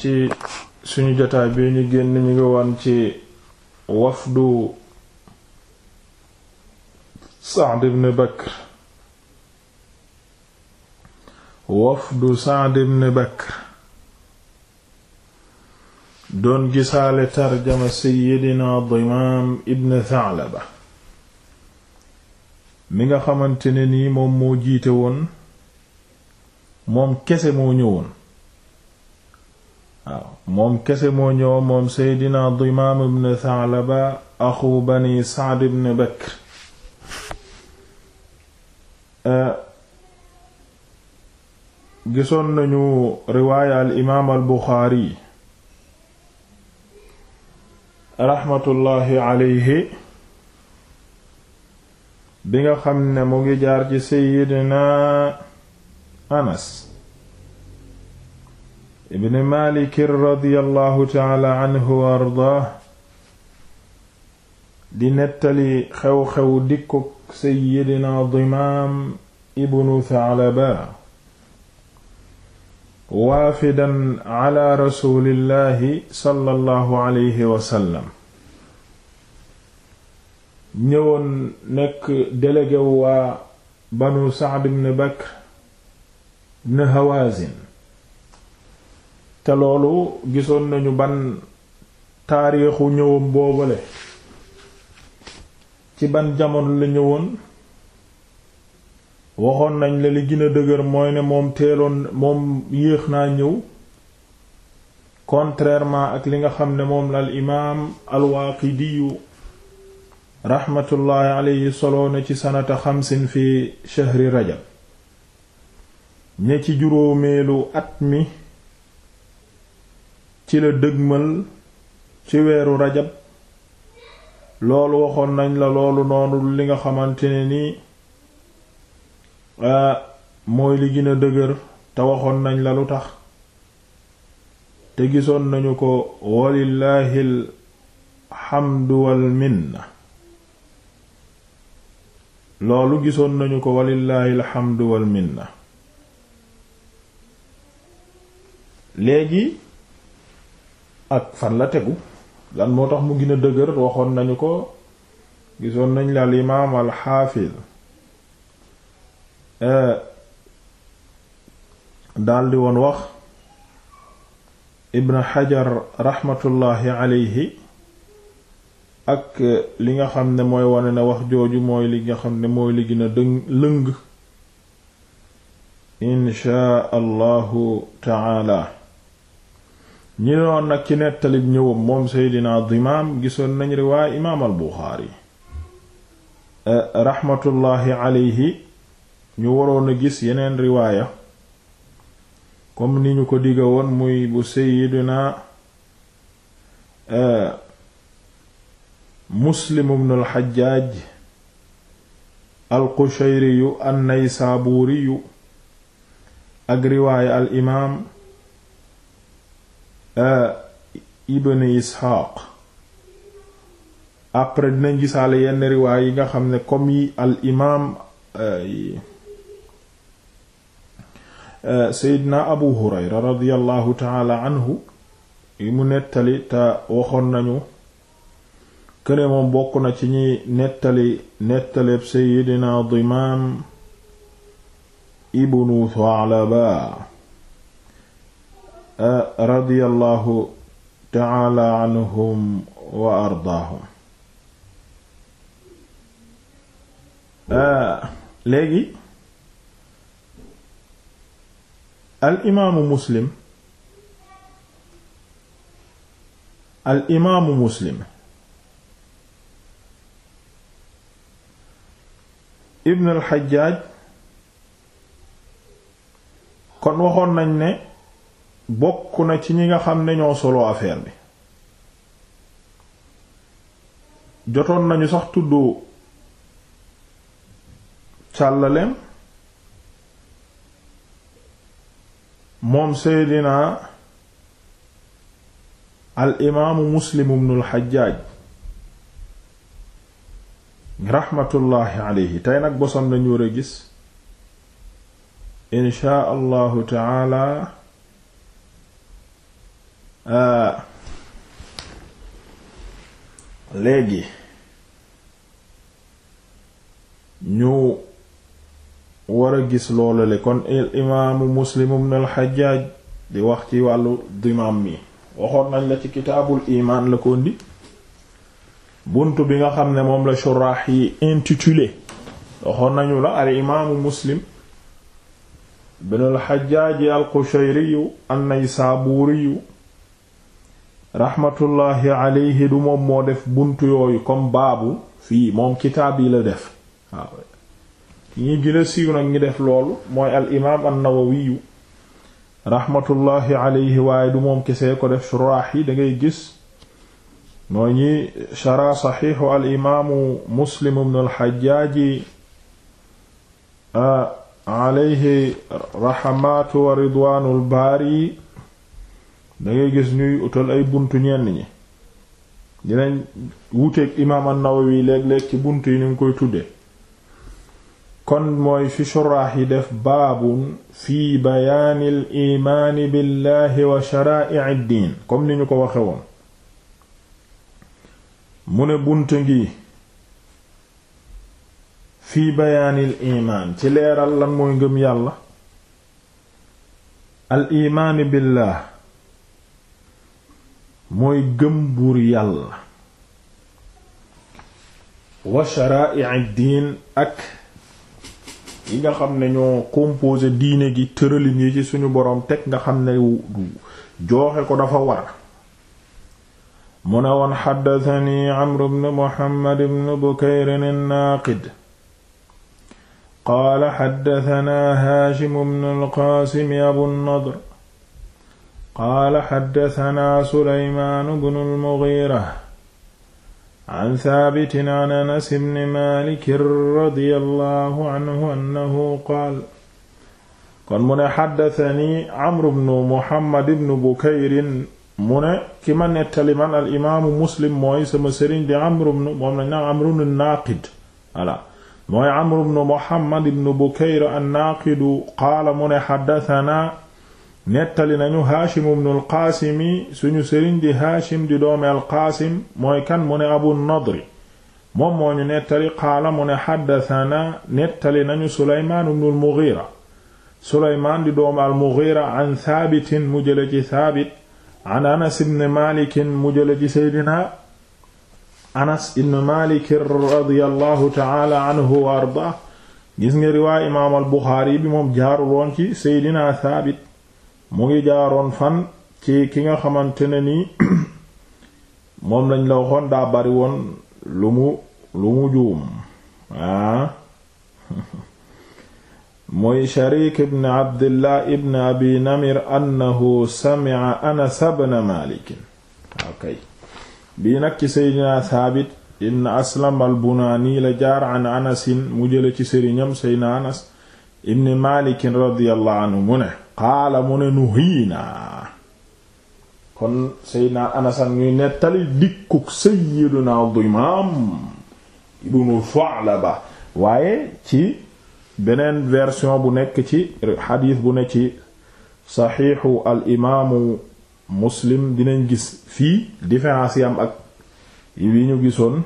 ci suñu jotaay bi ñu génn ñu ngi woon ci wafdu Sa'd ibn Bakr doon gisaale tarjama Seydina Dimaam ibn Tha'laba mi nga xamante nii moom moo jiite woon moom kese moo ñëwoon waaw moom kese moo ñëw moom seydina dimaam ibn thalaba axu bani saad ibn bakr euh, gisoon nañu riwaaya al imaam al buxaari raxmatullaahi aleyhi bi nga xam ne mu ngi jaar ci seydina anas ibn Maalik radiyallahu taala anhu wa ardaah di nettali xew-xew dikkuk Seydina Dimaam ibnu Thalaba waafidan ala rasuulillahi sallallahu alayhi wa sallam ñëwoon nekk délégué waa banu Sa'd ibn Bakr ibn Hawaazin te loolu gisoon nañu ban taarixu ñëwam boobale ci ban jamono la ñëwoon waxoon nañ la li gën a dëgër mooy ne moom teeloon moom yéex naa ñëw contrairement ak li nga xam ne moom la al imaam alwaaqidiyu raxmatullaahi alayhi solo na ci sanata xamsin fi shahri rajab ña ci juróomeelu at mi ci la dëgmal ci weeru rajab loolu waxoon nañ la loolu noonu li nga xamante ne nii mooy li gën a dëgër te waxoon nañ la lu tax te gisoon nañu ko walillahil hamdu wal minna loolu gisoon nañu ko walillahil hamdu wal minna léegi ak fan la tegu lan moo tax mu gën a dëgër waxoon nañu ko gisoon nañ la al imaam al xaafiz eh, daldi woon wax ibn xajar raxmatullaahi aleyhi ak li nga xam ne mooy wane ne wax jooju mooy li nga xam ne mooy li gën dëng lëng inchaa allahu taala ñi noon nag ci nettalib ñëwam moom seydina dimaam gisoon nañ riwaay imaam al buxaari eh, raxmatullaahi aleyhi ñu waroon a gis yeneen riwaaya kom ni ñu ko diga woon muy bu seydina eh, muslim ibn al xajjaaj al qushayriyu an naysaabuuriyu ak riwaaya al imaam Euh, ibn isxaaq après dinañ gisaale yenn riwaay yi nga xam ne comme yi al imaam euh, euh, seydna abu hurayra radiallahu taala anhu yi mu nettali te waxoon nañu këne bokk na ci ñi nettali nettaleeb seydna dimaam ibnu thalaba Eh, radiyallahu taala anhum wa ardaahum eh, léegi al imaamu muslim al imaamu muslim ibn al xajjaaj kon waxoon nañ ne bokk na ci ñi nga xam ne ñoo solo affaire bi jotoon nañu sax tudd càllaleem moom seydina al imaamu muslim ibnul xajaaj raxmatullaahi aleyhi tey nag bosam lañu war a gis inshaa allahu Euh, léegi ñu war gis loolale kon il imaamu muslim ibn al di wax ci wàllu dimaam mi waxoon nañ la ci kitaabul imaan la ko ndi bunt bi nga xam ne moom la shuraax yi intitulé waxoon nañu la al imaamu muslim ibn al xajjaaj al qushayriyu an raxmatullaahi alayhi du moom moo def bunt yooyu comme baabu fii moom kitaab yi la def waaw ñi gën a siiw ñi def loolu mooy al imaam an-Nawawiyu raxmatullaahi waaye du moom kesee ko def shuraax yi dangay gis mooy ñi shara saxiixu al imaamu Muslim ibn al-Hajjaaji ah, alayhi raxmaatu wa ridwaanul baari dangay gis ñuy utal ay buntu ñenn ñi dinañ wuteeg imaam an-Nawawi léeg-léeg ci bunt yi ñu ngi koy tuddee kon mooy fi shuraax yi def baabun fi bayaani al imaani billahi wa sharaa'i'i diin comme ni ñu ko waxe woon mu ne bunt ngi fi bayaanil ci leeral lan ngëm yàlla al imaani billah mooy gëm buur yàlla wa sharaa'i diin ak yi nga xam ne ñoo composé diine gi tëralin yi ci suñu boroom teg nga xam ne jooxe ko dafa war mu ne woon xaddatani amru bnu muhammad bnu bukayrin an-naaqid qaala haashim bnu al-qaasim abu nadr qaala xaddatanaa suleymaanu bnu lmugira an thaabitin an anas bni maalikin radia allahu anhu annahu qaal kon mu ne xaddatani amru bnu muhammad bnu bukayrin mu ne ki ma nettali man al imaamu muslim mooy sama sëriñ di amru bnu moom lañ naan amru bnu naaqid voilà mooy amru bnu muhammad bnu bukayr annaaqidu qaala mu ne xaddatanaa nettali nañu haashim ibnu alqaasimi suñu sëriñ di haashim di doomi alqaasim mooy kan mu abu nadri moom nettali qaala mu ne xaddatanaa nettali nañu suleymaan ibnu almughira suleymaan di doomi almughira an thaabitin mu jële ci thaabit an anas ibn maalikin mu seydina anas ibn maalik radiyallahu taala anhu wa arda gis nga imaam al bi moom jaaru roon seydina thaabit mu ngi jaaroon fan ci ki nga xamante ne ni moom lañ la waxoon daa bari woon lu mu lu mu juum ah muy sharik ibn abdillah ibn abi namir annahu sami'a anas ibn malik bii nag ci seydina saabit ibn aslam al bunaani la jaar an mu jële ci sëriñam seydina anas ibn malikin radiyallahu anhu mu ne qaala mu ne nuhiina kon seydina anasan ñuy nettali dikkuk sayyiduna dimaam ibnu ba waaye ci beneen version bu nekk ci xadiis bu ne ci saxiixu al imaamu muslim dinañ gis fii différence yi ak yi ñu gisoon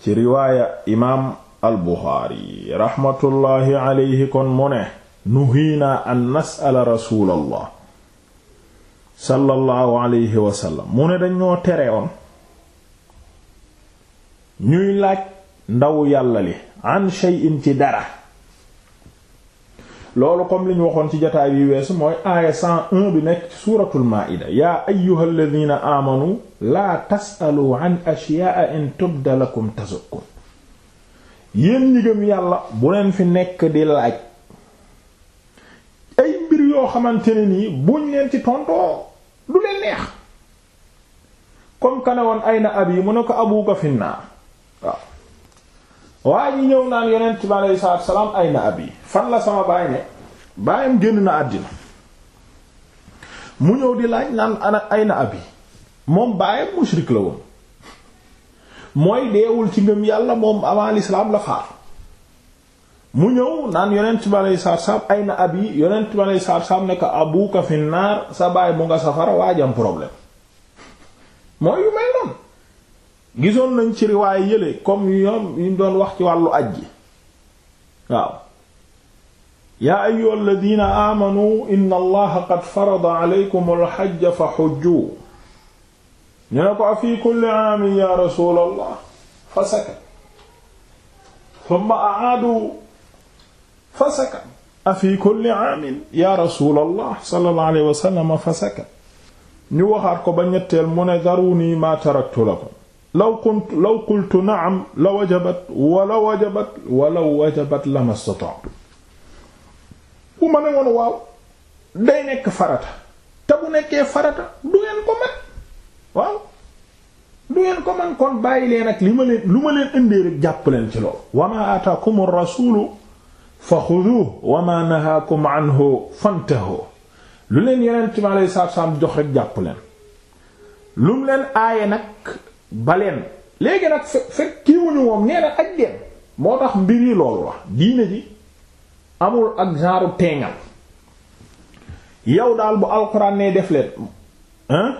ci riwaaya imaam al Buxaari raxmatullaahi alayhi kon mu ne nuhiina an nasala rasulallah sallallahu alayhi wasallam mu ne dañoo tere oon ñuy laaj ndawu yàlla li an shay'in ci dara loolu comme li waxoon ci jataay bi weesu mooy aaya 101 bi nekk ci suuratul maa'ida yaa ayyuhal aamanu laa tas'alu an ashyaa'a in tubda lakum tasukum yéen ñi yàlla bu leen fi nekk di laaj ay mbir yoo xamante ne nii buñ leen ci tontoo du leen neex comme que ne woon ay na ab yi mu ne ko abu ko finnaar waa ñi ñëw naan yonent ci aleyhi salaatu ay na ab yi fan la sama baay ne baayam génn na àddina mu ñëw di laaj naan ana ay na ab yi moom baayam mushrik la woon mooy deewul ci ngëm yàlla moom avant l'islam la faar mu ñëw naan yonent bi aleyhi salaatu salaam ay na ab yi yonent bi aleyhi salaatu salaam fi naar sa baay mu nga safara waajam problème mooy yu mel noonu gisoon nañ ci riwaaye yële comme yoom doon wax ci wàllu aj ji waaw yaa ayyuha alladina aamanu inna allaha qad farada aleykum alxajja fa xujju ñu ne ko a fi kulli aamin ya rasul fa sakat thumma aadu fa sakat afi kulli aamin ya rasulallah sallallahu alayhi wa sallam fa sakat ñu waxaat ko ba ñetteel mu ne daruni ma taraktu lakum law qult law qultu naam la wajabat wala wajabat wala wajabat la mastata'tu bu ma ne woon waaw day nekk farata te bu nekkee farata du ngeen ko man waaw du ngeen ko man kon bàyyi leen ak li ma leen lu ma leen indee rek jàpp leen ci lool wa ma ataakum ar-rasulu fa xuduuhu wa maa nahaakum anhu fantahuu lu leen yonent bi alayhi salaatu salaam jox rek jàpp leen lu mu leen aaye nag baleen léegi nag fe fekk kiiwuñu moom nee na aj leen moo tax mbir yi loolu la diine ji amul ak genre teengal yow daal bu alxuraan ne def leen hein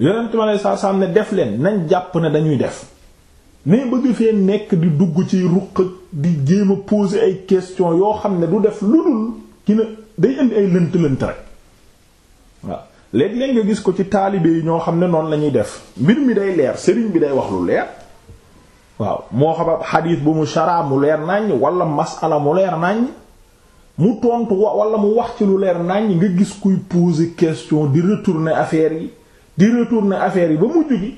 yonent bi alayhi salaatu salaam ne def leen nañ jàpp ne dañuy def mais bëgg fee nekk di dugg ci ruq di jéem a poser ay questions yoo xam ne du def lu dul gina day indi ay lënt-lënt rek waaw léeg-léeg nga gis ko ci taalibe yi ñoo xam ne noonu lañuy def mbir mi day leer sëriñ bi day wax lu leer waaw moo xam ab xadiis bu mu sharaa mu leer naññ wala masala mu leer naññ mu tontu wala mu wax ci lu leer naññ nga gis kuy poser question di ne affaire yi di retour ne affaire yi ba mujj gi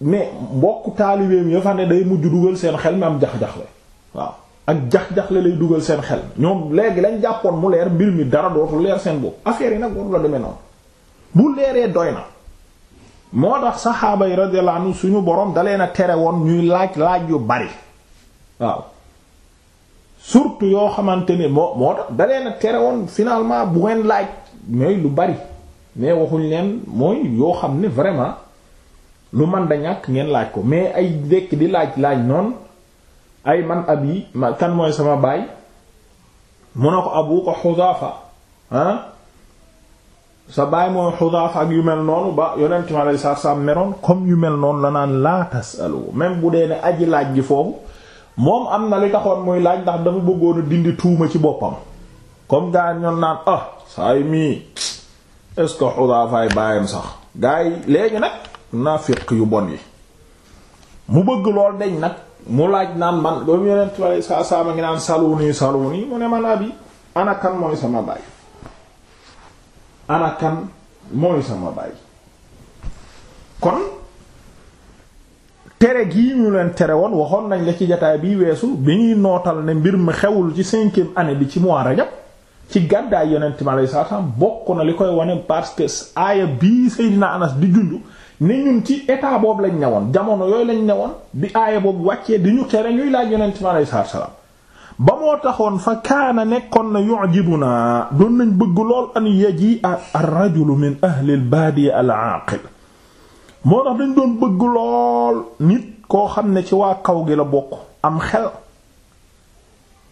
mais mbokk taalibeem ya fa ne day mujj dugal seen xel mi am jax-jaxle waaw ak jax-jaxle lay dugal seen xel ñoom léegi lañ jàppoon mu leer mbir mi dara dootu leer seen bopp affaire nag waru la demee noonu bu leeree doy na moo tax saxaaba yi radiyallahu suñu borom dalee na tere woon ñuy laaj laaj yu bari waaw surtout yoo xamante ne moo moo tax dalee na tere woon finalement bu ngeen laaj mais lu bari mais waxuñ leen mooy yoo xam ne vraiment lu man da ñàkk ngeen laaj ko mais ay dékk di laaj laaj noonu ay man ab yi ma kan mooy sama baay mu ne ko abu ko xudaafa ah sa baay mooy xudaafa ak yu mel noonu ba yonent mi alei satu meroon comme yu mel noonu la naan laa tasalu même bu dee ne aji laaj gi foofu moom am na li taxoon muy laaj ndax dafa bëggoon a dindi tuuma ci boppam comme gaa ñoon naan ah saa yi mii est ce baayam sax gaa yi léegi nag naafiq yu bon yi mu bëgg lool deñ nag mu laaj naan man doomu yonent bi saa saa ma ngi naan saluni saluni mu ne man abi anakan mooy sama baay anakan mooy sama baay kon tere gi ñu leen tere woon waxoon nañ la ci jataay bi weesu bi ñuy nootal ne mbir mi xewul ci cinquième année bi ci mois rajab ci gàddaay yonent bi saa saa bokk na li koy wane parce que aaya bii Seydina Anas di junju ne ñun ci état boobu lañ newoon jamono yooyu lañ newoon bi aaya boobu wàccee di ñu tere ñuy laaj yonent ci alayhi salaatu salaam ba moo taxoon fa kaana nekkoon na yu'jibuna doon nañ bëgg lool an yaji ar-rajulu min ahli al-baadiya al-aaqil moo tax dañ doon bëgg lool nit koo xam ne ci waa kaw gi la bokk am xel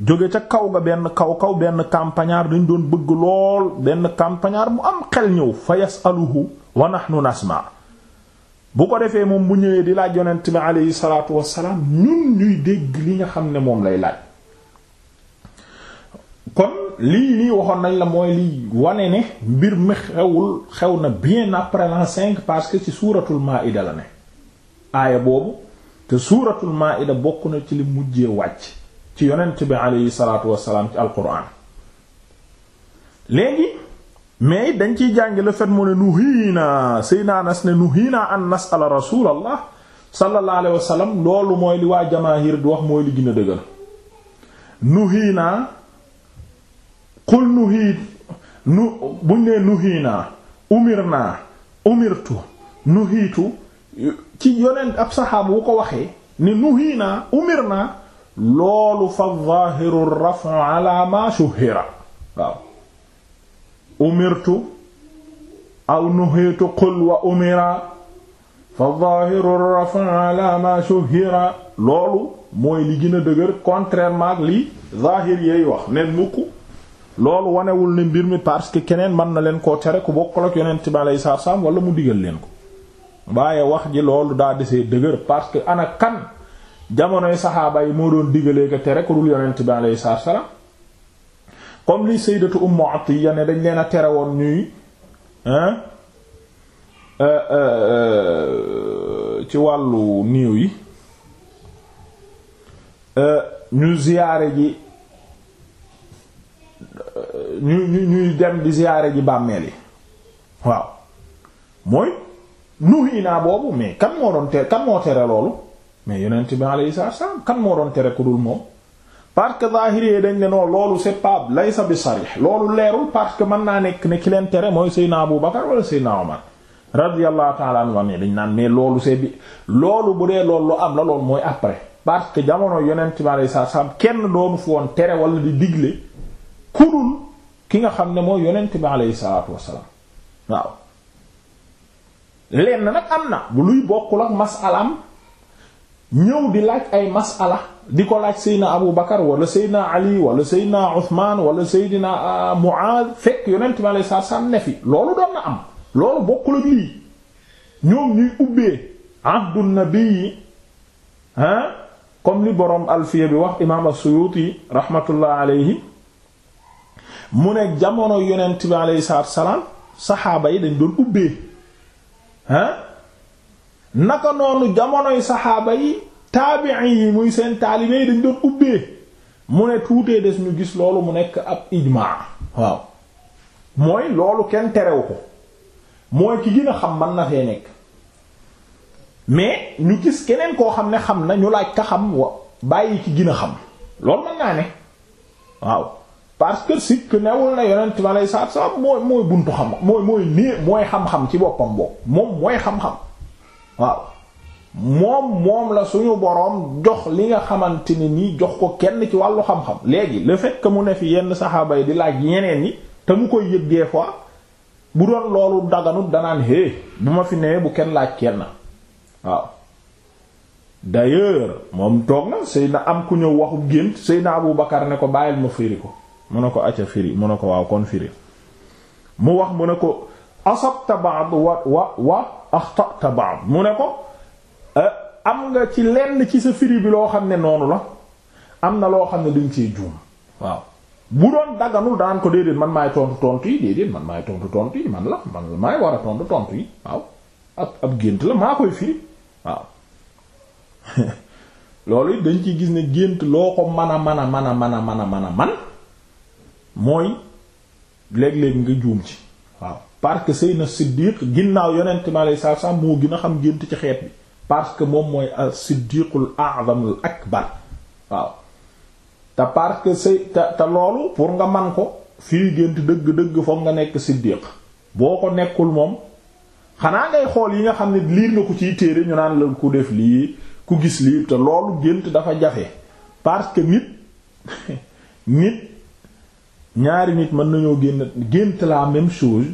jóge ca kaw ga benn kaw kaw benn campagnard dañ doon bëgg lool benn campagnard mu am xel ñëw fa yasaluhu wa nahnu nasma bu ko defee moom bu ñëwee di laaj yonent bi aleyhi salaatu wassalaam ñun ñuy dégg li nga xam ne moom lay laaj kon lii lii waxoon nañ la mooy lii wane ne mbir mi xewul xew na bien après l'an cinq parce que ci suuratul maa'ida la ne aaya boobu te suuratul maa'ida bokk na ci li mujjee wàcc ci yonent bi aleyhi salaatu wassalaam ci alquran léegi mais dañ ciy jàng le fait mu ne nuhiina Seydina Anas ne nuhiina an nasala rasulallah sallallahu alayhi loolu mooy li waa jamaahir di wax mooy li gën a dëgër nuhiina qul nuhi buñ nee nuhiina umirna umirtu nuhiitu ci yonent ab saxaaba bu ko waxee ne nuhiina umirna loolu fa zaahiru rafu ala ma shuhira umirtu aw nuhitu qul wa umira fa zahiru rafa ala ma loolu mooy li gën a dëgër contrairement ak li zahir yeey wax neen mukk loolu wanewul ne mbir mi parce que keneen mën na leen ko tere ku bokkul ak yonent bi alayhi salaatu salaam wala mu digal leen ko waaye wax ji loolu daa desee dëgër parce que ana kan jamonoy saxaaba yi moo doon digalee ko tere ku dul yonent bi alayhi salaatu comme li sayyidatu ummu atiya ne dañ leen a tere woon ñuy euh, euh, ci wàllu niiw yi euh, ñu ziyaare ji ñu ñu ñuy dem di ziyaare ji bàmmeel yi waaw mooy nuhi naa boobu mais kan moo doon tere kan moo tere loolu mais yonent bi alayhi salaam kan moo doon tere ku dul moom parce que zahiri dañ ne non loolu c'est pas laysa bi sarih loolu leerul parce que mën naa nekk ne ki leen tere mooy Seydina Abu Bakar wala Seydina Omar radiyallahu ta'ala anhu dañ naan mais loolu c'est bi loolu bu dee loolu am mooy après parce que jamono yonent bi alayhi salaam kenn doonu fi woon tere wala di digle ki nga xam ne mooy yonent bi alayhi salaatu wassalaam waaw am na bu luy bokkul ak masalaam ñëw di laaj ay masala di ko laaj Seydina Abu Bakar wala Seydina Ali wala Seydina Ousmane wala Seydina ah, Muaaz fekk yonent bi alayhi salaam ne loolu doon na am loolu bokkul ak lii ñoom ñuy ubbee ahdu nabii ah comme li borom alfiya bi wax imaam as-Suyuti rahmatullah alayhi mu ne jamono yonent bi alayhi salaam saxaaba yi dañ doon ubbee ah naka noonu jamonoy saxaaba yi. taabi'i yi muy seen taalibe dañ doon ubbee mu ne tuutee des ñu gis loolu mu nekk ab ijmaa waaw mooy loolu kenn terewu ko mooy ki gën xam man na see nekk mais ñu gis keneen koo xam ne xam na ñu laaj ka xam bàyyi ki gën xam loolu mën naa ne waaw parce que si que newul na yonent ma lay saab saab mooy mooy buntu xam mooy mooy nii mooy xam-xam ci boppam bopp moom mooy xam-xam waaw moom moom la suñu boroom jox li nga xamante ne nii jox ko kenn ci wàllu xam-xam léegi le fait mu ne fi yenn saxaaba yi di laaj yeneen yi te mu koy yëg des fois bu doon loolu daganut danaan hé bu ma fi newee bu kenn laaj kenn waaw d'ailleurs moom toog na Seydina am ku ñëw waxu sëy Seydina Abu Bakar ne ko bàyyil ma firi ko mu ne ko acca firi mu ne ko kon firi mu wax mu ne ko asabta ba'd wa wa wa axtata ba'd mu ne ko Euh, am nga ci lenn ci sa firi bi loo xam ne noonu la am na loo xam ne dañ ciy juum waaw bu doon daganul daan ko déedéet man maay tontu tontu yi déedéet man maay tontu tontu yi man la man la maay war a tontu tontu yi waaw ab ab gént la maa koy firi waaw loolu it dañ ci gis ne gént loo ko mën a mën a mën a mën a mën a mën a man mooy léeg-léeg nga juum ci waaw parce que Seydina Siddiq ginnaaw yonent mi alayhi salaam moo gën a xam gént ci xeet bi parce que moom mooy as-siddiqul a'zamul akbar waaw te parce que say te te loolu pour nga man ko fii gént dëgg-dëgg foog nga nekk siddiq boo ko nekkul moom xanaa ngay xool yi nga xam ne liir nga ko ciy téere ñu naan la ku def lii ku gis lii te loolu gént dafa jafe parce que nit nit ñaari nit mën nañoo génn gént la même chose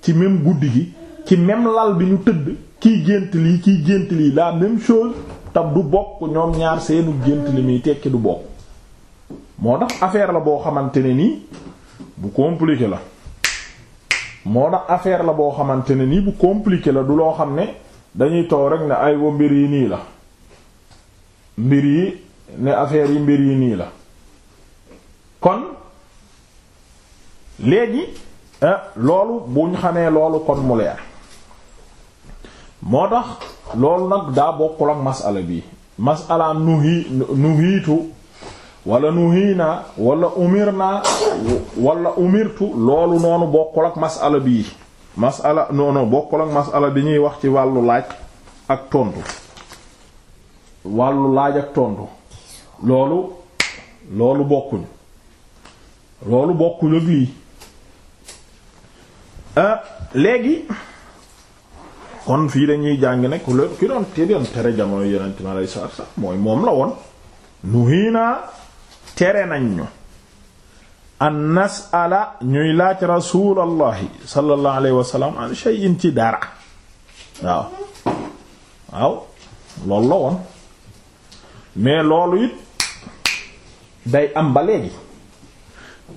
ci même guddi gi ci même lal bi ñu tëdd kiy gént lii kiy gént lii la même chose tab du bokk ñoom ñaar seenu gént li muy tekki du bokk moo tax affaire la boo xamante ne nii bu compliqué la moo affaire la boo xamante ne nii bu compliqué la du loo xam ne dañuy too rek ne ay wa mbir yi nii la mbir yi ne affaire yi mbir yi nii la kon léegi eh, loolu bu ñu xamee loolu kon mu leer moo tax loolu nag daa bokkul ak masala bi masala nuhi nuhiitu wala nuhiina wala umirna wala umirtu loolu noonu bokkul ak masala bii masala noonu bokkul ak masala bi ñuy wax ci wàllu laaj ak tontu wàllu laaj ak tontu loolu loolu bokkuñ loolu bokkuñ ak lii ah, léegi kon fii dañuy jàng ne ku ki doon te tere jamono yenente mi aleyi saatu mooy moom la woon nu hiinaa tere nañ ñu an nasala ñuy laaj rasulallahi sallallahu alayhi wa sallam an ci dara waaw waaw loolu la woon mais loolu it day am ba léegi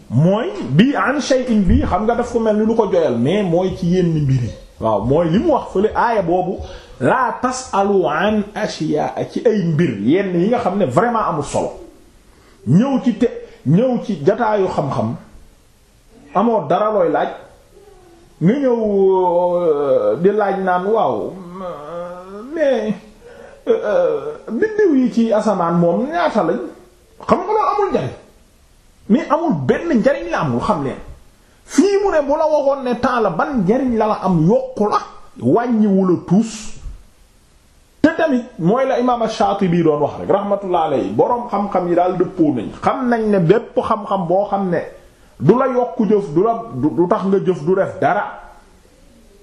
mooy bii an shay'in bii xam nga daf ko mel ni lu ko joyal mais mooy ci yenn mbir yi waaw mooy li mu wax fële aaya boobu laa tasalu an ashiya ci ay mbir yenn yi nga xam ne vraiment amul solo ñëw ci te ñëw ci jataayu xam-xam amoo dara looy laaj nga ñëw euh, di laaj naan waaw mais euh, biddiw ci asamaan moom ñaata lañ xam nga loolu amul njariñ mais amul benn njariñ la amul xam leen fii mu ne bu la waxoon ne temps la njariñ la la am yokku la wàññiwu la tuus te tamit mooy la imaam Shaatibi doon wax rek rahmatullah alayhi boroom xam-xam yi daal dëppoo nañ xam nañ ne bépp xam-xam boo xam ne du la yokku jëf du la du tax nga jëf du def dara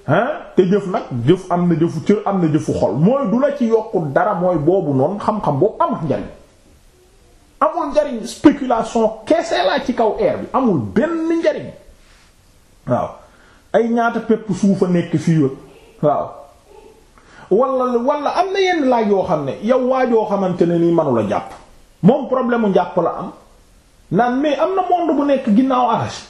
hein te jëf nag jëf am na jëfu cër am na jëfu xol mooy du la ci yokku dara mooy boobu noonu xam-xam boobu amul njariñ amul njariñ spéculation kese laa ci kaw air bi amul benn njariñ waaw ay ñaata pepp suuf a nekk fii waaw wala wala am na yenn laaj yoo xam ne yow waajoo xamante ne nii manula jàpp moom problème mu njàpp la am naan mais am na monde bu nekk ginnaaw arrêté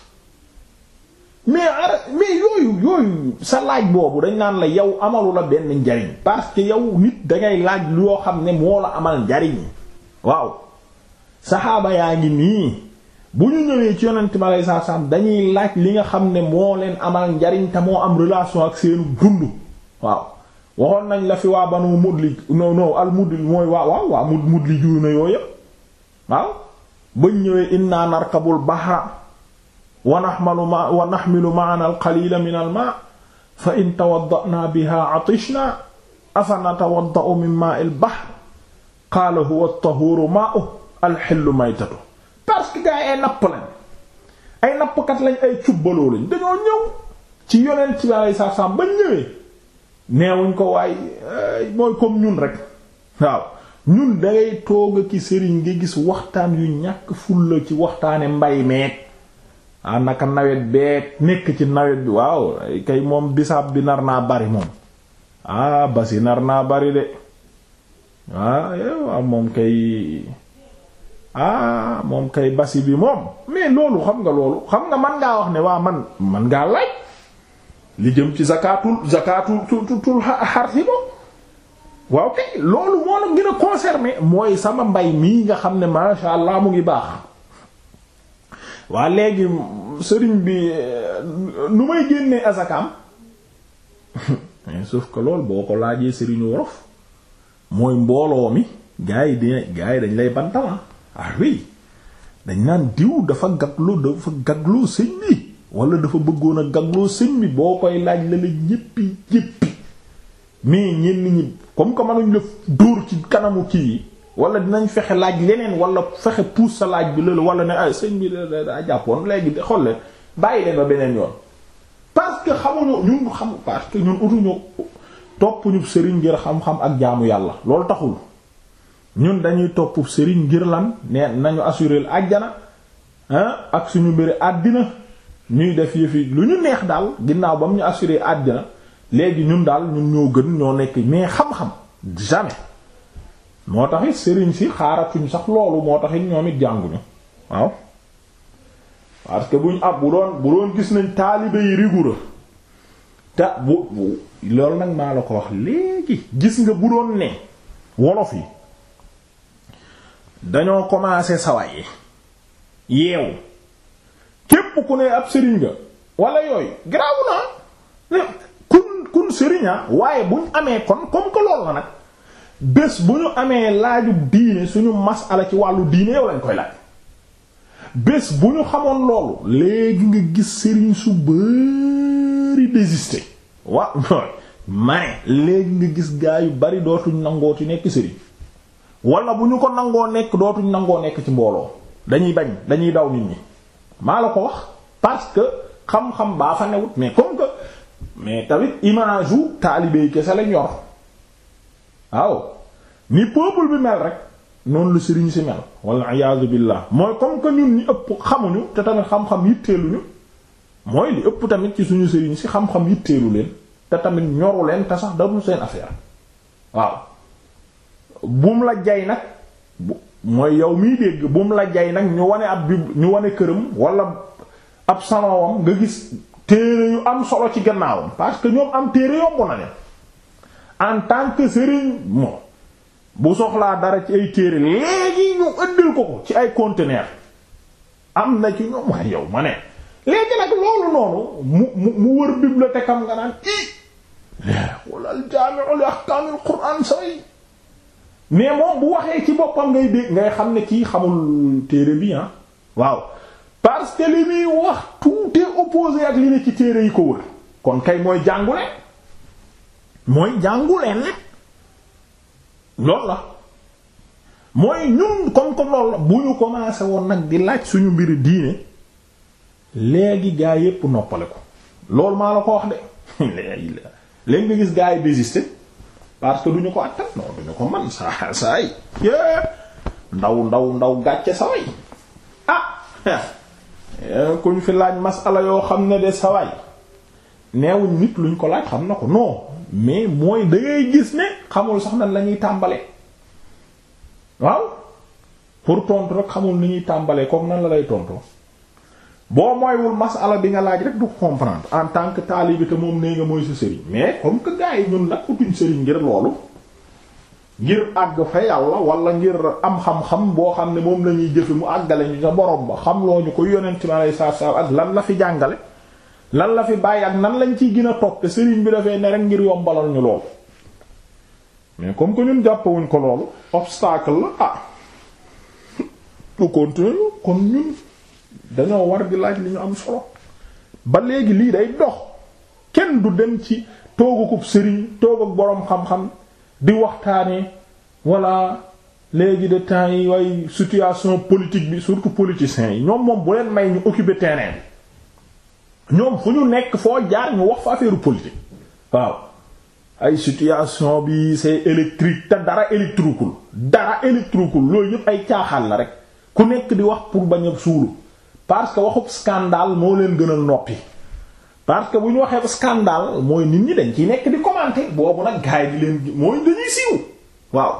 mais arrêté mais yooyu yooyu sa laaj boobu dañ naan la yow amalu la benn njariñ parce que yow nit dangay laaj loo xam ne moo la amal njariñ waaw saxaaba yaa ngi nii. bu ñu ñëwee ci yonent dañuy laaj li nga xam ne moo leen amal njariñ te am relation ak seenu dund waaw la fi waa banu mudlij waaw waa mud mudliju yooyu yëpp waaw bañ inna narkabul bahra wa nahmalu ma wa nahmilu ma'ana al qalila huwa at-tahuru ma'u maytatu parce que gars yi ay napp lañ ay nappkat lañ ay cubbaloo lañ dañoo ñëw ci yonent ci lay sa sam ba ñëwee neewuñ ko waay mooy comme ñun rek waaw ñun dangay toog ki sëriñ nga gis waxtaan yu ñàkk fulla ci waxtaane mbay meeg ah naka nawet beeg nekk ci nawet bi waaw kay moom bisaab bi nar naa bari moom ah basi nar naa bari de waaw ah, ah, moom kay ah moom kay basi bi moom mais loolu xam nga loolu xam nga man ngaa wax ne waa man man ngaa laaj li jëm ci zakatul zakatul tul xar si moom waaw kay loolu moo la gën a mooy sama mbay mii nga xam ne masha Allah mu ngi baax waa léegi sëriñ bi euh, nu may génnee azakam mais sauf que loolu boo ko laajee sëriñu worof mooy mbooloo mi gaa yi di gaa yi dañ lay bantala ah. ah dañ naan diw dafa gaglu dafa gagloo sëñ bi wala dafa bëggoon a gagloo sëñ bi boo koy laaj la la ñéppi ñéppi mais ñenn ñi comme que mënuñ la dóor ci kanamu kii yi wala dinañ fexe laaj yeneen wala fexe puus sa laaj bi loolu wala ne ah, sëñ bi daa jàppoon léegi xool leen bàyyi leen ba beneen yoon parce que xamuñu ñun xamu parce ñun utuñu topp ñu sëriñ ngir xam-xam ak jaamu yàlla loolu taxul. ñun dañuy topp sëriñ ngir lan nee nañu assuré àjjana ak suñu mbiri àddina ñuy def yëfi lu ñu neex daal ginnaaw ba mu ñu assuré àddina léegi ñun daal ñun ñoo gën ñoo nekk mais xam-xam jamais moo taxit sëriñ si xaaratuñ sax loolu moo taxit ñoom jànguñu waaw parce que buñ ab ah, bu doon bu doon gis nañ taalibe yi rigoureux te bu loolu nag maa la ko wax léegi gis nga bu doon ne wolof yi dañoo commencé sawaye yeewu képp ku ne ab sëriñ nga wala yooyu garaawu naa kun kun sëriña ah. waaye bu ñu amee kon comme que lool na nag bés bu ñu amee laaju diine suñu masala ci wàllu diine yow lañ koy laaj bés bu ñu xamoon loolu léegi nga gis sëriñ su bari désister waaw ma léegi nga gis gaa yu bari dootuñ nangooti nekk sëriñ wala bu ñu ko nangoo nekk dootuñ nangoo nekk ci mbooloo dañuy bañ dañuy daw nit ñi maa la ko wax parce que xam-xam baa fa newut mais comme que mais tamit image u taalibey kese la ñor waaw ni peuple bi mel rek noonu lu sëriñ si mel walla iyaazu billah mooy comme que ñun ñi ëpp xamuñu te tamit xam-xam yitteeluñu mooy li ëpp tamit ci suñu sëriñ si xam-xam yitteelu leen te tamit ñoru leen te sax darul seen affaire waaw bum la jay nag mooy yow miy dégg bum la jay nag ñu wane ab ñu wane këram wala ab salowam nga gis téere yu am solo ci gannaawam parce que ñoom am téere yomb na en tant que sëriñ moom bu soxlaa dara ci ay téere léegi ñu ëndil ko ko ci ay conteneur am na ci ñoom waaye yow ma ne léegi nag loolu noonu mu mu wër bibliothèque nga naan i wala al jaami'u li ahkaamil say mais moom bu waxee ci boppam ngay dégg ngay xam ne kii xamul téere bi ah waaw parce que li muy wax tout est ak li ne ci téere yi ko wër kon kay mooy jàngule mooy jàngule nag loolu la mooy ñun comme comme loolu la bu ñu commencé woon nag di laaj suñu mbiri diine léegi gaa yépp noppale ko loolu maa la ko wax de léegi nga gis gaa yi désister parce que du ñu ko attan non du ñu ko man saa saa yi ndaw ndaw ndaw gàcce saway ah eh, kuñ fi laaj masala yoo xam ne de saway neewuñ nit luñ ko laaj xam na ko non mais mooy da gis ne xamul sax nan la ñuy tàmbalee waaw pour tontu rek xamul ni ñuy tàmbalee comme nan la lay tontoo boo mooywul ala bi nga laaj rek du comprendre en tant que taalibe te moom nee nga mooy sa sëriñ mais comme que gars yi ñun nag utuñ sëriñ ngir loolu ngir àgg fa yàlla wala ngir am xam-xam boo xam ne moom la ñuy jëfe mu àggale ñu sa borom ba xam loo ñu ko yonent ma lay saaf saaf ak lan la fi jàngale lan la fi bàyyi ak nan lañ ciy gën a toog te sëriñ bi dafay ne rek ngir yombalal ñu loolu mais comme que ñun jàppawuñ ko loolu obstacle la ah bu continuer dañoo war di laaj li ñu am solo ba léegi lii day dox kenn du dem ci toogakub sëriñ toog ak boroom xam-xam di waxtaane walla léegi de temps yi way situation politique bi surtout politiciens yi ñoom moom bu leen may ñu occuper terrain bi ñoom fu ñu nekk foo jaar ñu wax fa affaire politique waaw ay situation bi c'est électrique te dara électricul dara électricul loolu yëpp ay caaxaan la rek ku nekk di wax pour bañ a suulu parce que waxub scandale moo leen gënal noppi parce que bu ñu waxee scandale mooy nit ñi dañ ciy nekk di commenter boobu nag gaay di leen mooy dañuy siiw waaw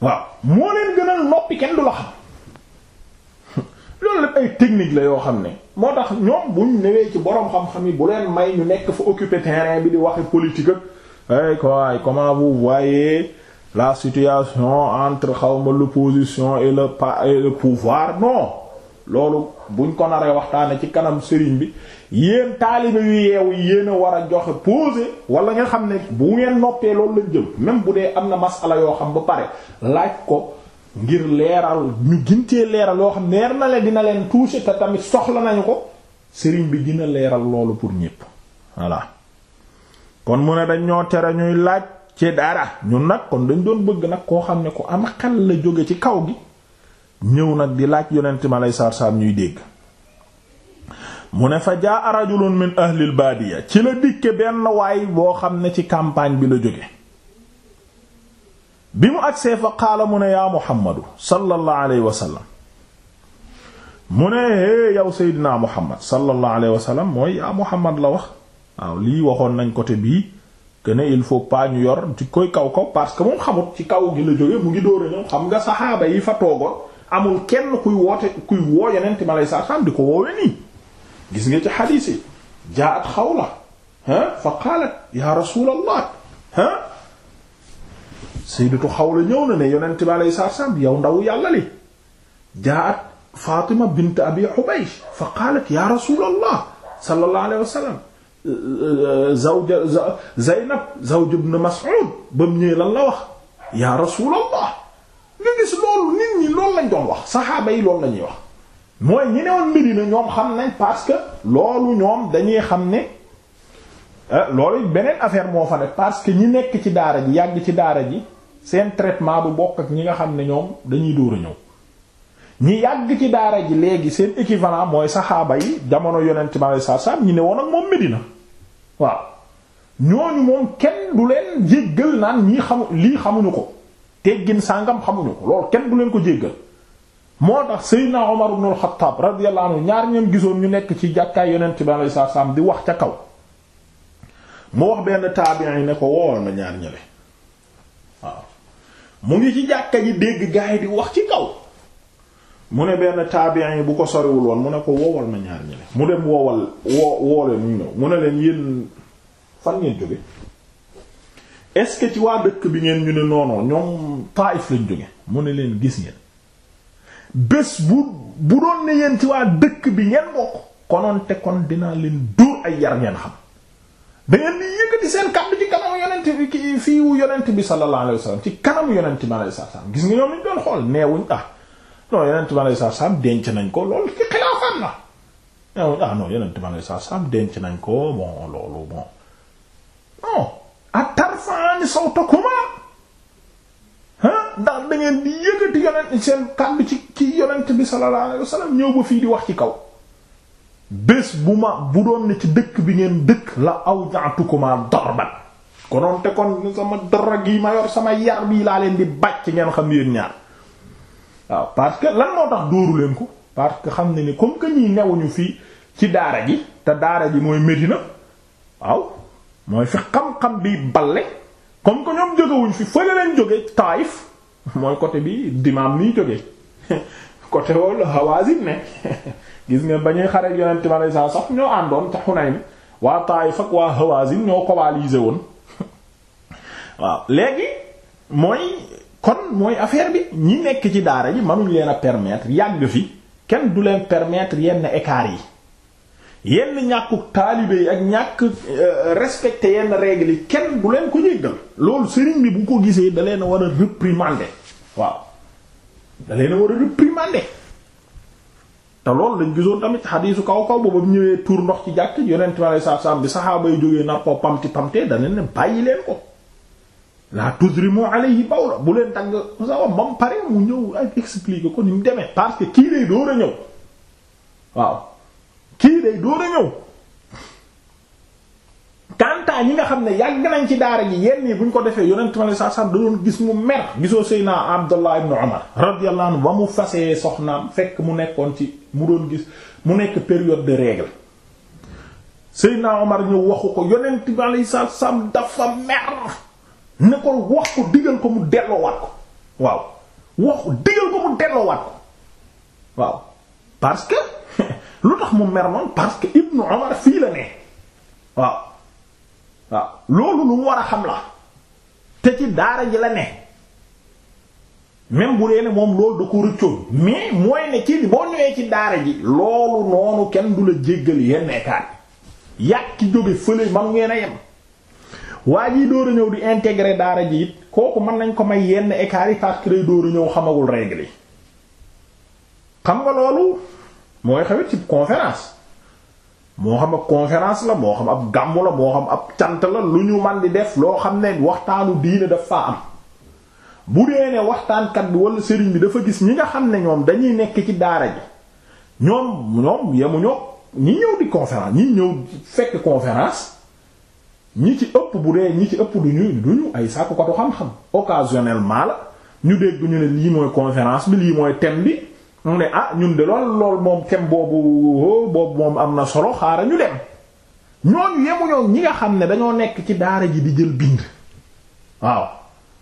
waaw moo leen gënal noppi kenn du la xam loolu lépp technique la yoo xam ne moo tax ñoom buñ newee ci boroom xam-xam yi bu leen may ñu nekk fa occuper terrain bi di waxe politique ak ay quoi comment vous voyez la situation entre xawma l'opposition et le et le pouvoir non loolu buñ ko naree waxtaane ci kanam sëriñ bi yéen taalibe yu yeewu yéen a war a joxe poser wala nga xam ne bu ngeen noppee loolu lañ jël même bu dee am na masala yoo xam ba pare laaj ko ngir leeral ñu gintee leeral yoo xam neer na leen dina leen toucher te tamit soxla nañu ko sëriñ bi dina leeral loolu pour ñépp voilà kon mu ne dañ ñoo tere ñuy laaj ci dara ñun nag kon dañ doon bëgg nag koo xam ne ko am la jóge ci kaw gi ñëw nag di laaj yonent mi aleyhi salaatu ñuy dégg mu ne fa jaa rajulun min ahlil baadiya ci la dikke benn waay boo xam ne ci campagne bi la jóge bi mu agsee fa qaala mu ne yaa muhammadu sallallahu alayhi wa sallam mu ne hee yow seydinaa muhammad sallallahu alayhi wa mooy yaa muhammad la wax waaw lii waxoon nañ côté bii que il faut pas ñu yor ci koy kaw ko parce que moom xamut ci kaw gi la jóge mu ngi dóora ñoom xam nga saxaaba yi fa toogoon amul kenn kuy woote kuy woo yonent mi alayhi salaam di ko woowe nii gis nga ci xadiis yi jaat xawla fa qaalat ya rasulallah sayyidatu xawla ñëw na ne yonent bi alayhi salaam yow ndaw yàlla li jaat Fatima bint abi Hubaysh fa qaalat ya rasulallah sallallahu alayhi wa sallam zawja Zaynab zawj la wax ya rasulallah nga gis loolu loolu lañ doon saxaaba yi loolu la ñuy wax mooy ñi ne woon ñoom xam nañ parce que loolu ñoom dañuy xam ne ah, loolu beneen affaire moo fa parce que ñi nekk ci daara ji yàgg ci daara ji seen traitement bu bokk ak ñi nga xam ne ñoom dañuy dóor a ñëw ñi yàgg ci daara ji léegi seen équivalent mooy saxaaba yi jamono yonent bi sallallahu alayhi wasallam ñi ne woon ak moom Medina waaw ñooñu moom kenn du leen jéggal naan ñii xamu lii xamuñu ko. teggin sàngam xamuñu ko loolu kenn du leen ko jéggal moo tax Seydina Omar ibn al-Khattab radiyallahu anhu ñaar ñam gisoon ñu nekk ci jàkkaay yonent bi alayhi salaam di wax ca kaw mu wax benn taabi'i ne ko woowal ma ñaar ñële mu ngi ci jàkka ji dégg gaa yi di wax ci kaw mu ne benn taabi'i bu ko soriwul woon mu ne ko woowal ma ñaar ñële mu dem woowal woo woo leen ñu ñëw mu ne leen yéen fan ngeen jóge est-ce ci waa dëkk bi ngeen ñu ne noonu ñoom Taif lañ jóge mu ne leen gis ngeen bés bu bu doon ne yéen ci waa dëkk bi ngeen ko konoon te kon dinaa leen dóor ay yar ngeen xam da ngeen di yëkkati bi ki fii wu yonent bi sallallahu alayhi wasallam gis nga ñoom ñu doon xool neewuñ ah non yonent bi alayhi wasallam denc nañ ko loolu ci xilaafam na neewuñ ah non yonent bi alayhi wasallam denc nañ ko bon loolu bon sawtakumaa ndax da ngeen di yëkkati yonent seen kàddu ci ci yonent bi sallallahu sa wasallam ñëw ba fii di wax ci kaw bés bu ma bu doon ne ci dëkk bi ngeen dëkk la aw jaatukumaa dorban konoon te kon sama doro gi ma yor sama yar bii laa leen di bàcc ngeen xam yéen ñaar waaw parce que lan moo tax dóoru leen ko parce que xam ne ni comme que ñii newuñu fii ci daara ji te daara ji mooy Medina waaw mooy fi xam-xam bi bale comme que ñoom jógewuñ fi fële leen jóge Taif mooy côté bi dimaam nii jóge côté wol Hawazin ne gis nga ba ñuy xare yonent bi alayhi salaam sax ñoo àndoon ca Hunayn waa Taif ak waa Hawazin ñoo coalisé woon waaw léegi mooy kon mooy affaire bi ñi nekk ci daara ji mënuñ leen a permettre yàgg fi kenn du leen permettre yenn écart yi yenn ñàkkuk taalibe yi ak ñàkk euh, respecté yenn règles yi kenn du leen ko jéggal loolu sëriñ bi bu ko gisee da leen a war a réprimander waaw da leen a war a réprimander te loolu lañ gisoon tamit xadiisu kaw kaw boobu bu ñëwee tuur ndox ci jàkk yonent ma lay saab bi saxaaba yi jógee nar koo pamti pamtee dana ne bàyyi leen ko la tudrimu alayhi bawla bu leen tagg sa wax ba mu pare mu ñëw ak expliquer ko ni mu demee parce que kii lay doo a ñëw waaw kii day door a ñëw kantaa ñi nga xam ne yàgg nañ ci daara gi yenn yi bu ñu ko defee yonent ma ne saa saa da doon gis mu mer gisoo Seydina Abdullah ibn Umar radiyallahu ba mu fasee soxnaam fekk mu nekkoon ci mu doon gis mu nekk période de règle Seydina Omar ñëw waxu ko yonent ma ne saa dafa mer ne ko wax ko digal ko mu delloowaat ko waaw wax ko digal ko mu delloowaat ko waaw parce que lu tax mu mer moom parce que Ibnu Umar fii la ne waaw waaw loolu lu mu war a xam la te ci daara ji la ne même bu dee ne moom loolu da ko rëccoon mais mooy ne ci boo ñëwee ci daara ji loolu noonu kenn du la jéggal yenn écart yàq ki jóge fële man ngeen a yem waa jii door a ñëw di intégrer daara ji it kooku mën nañ ko may yenn écart yi parce que day door a ñëw xamagul règle yi xam nga loolu. mooy xewet ci conférence moo xam ak conférence la moo xam ab gàmmu la moo xam ab cant la lu ñu man di def loo xam ne waxtaanu diine daf faa am bu dee ne waxtaankat bi wala sëriñ bi dafa gis ñi nga xam ne ñoom dañuy nekk ci daara ji ñoom ñoom yemuñoo ñi ñëw di conférence ñi ñëw fekk conférence ñi ci ëpp bu dee ñi ci ëpp duñu duñu ay sàkkukatu xam-xam occasionnellement la ñu dégg ñu ne lii mooy conférence bi lii mooy thème bi mu ne ah ñun de lool lool moom tem boobu oh, boobu moom am na solo xaara ñu dem ñooñu yemuñoo ñi nga xam ne dañoo nekk ci daara ji di jël bind waaw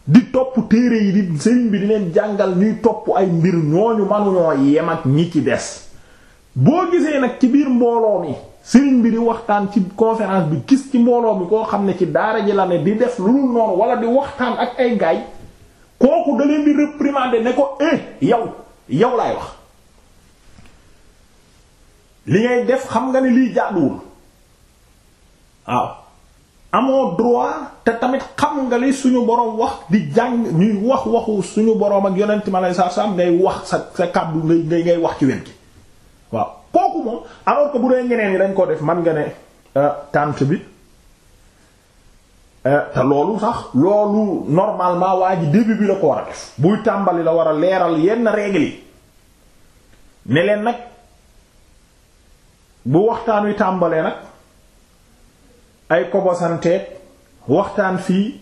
di topp téere yi di sëriñ bi di leen jàngal ñuy topp ay mbir ñooñu manuñoo yem ak ñi ci des boo gisee nag ci biir mbooloo mi sëriñ bi di waxtaan ci conférence bi gis ci mbooloo mi koo xam ne ci daara ji la ne di def lu dul noonu wala di waxtaan ak ay gaay kooku da leen di réprimander ne ko eh yow yow laay wax li ngay def xam nga ne lii jaaduwul waaw amoo droit te tamit xam nga li suñu boroom wax di jàng ñuy wax waxu suñu boroom ak yonent ma lay saa saam ngay wax sa sa kàddu ngay ngay ngay wax ci wet gi waaw kooku moom alors que bu dee ñeneen yi dañ koo def man nga ne euh, tànt bi euh, te loolu sax loolu normalement waa ji début bi la ko war a def buy tàmbali la war a leeral yenn règle yi ne nag bu waxtaan wi tàmbalee nag ay kobosanteeg waxtaan fii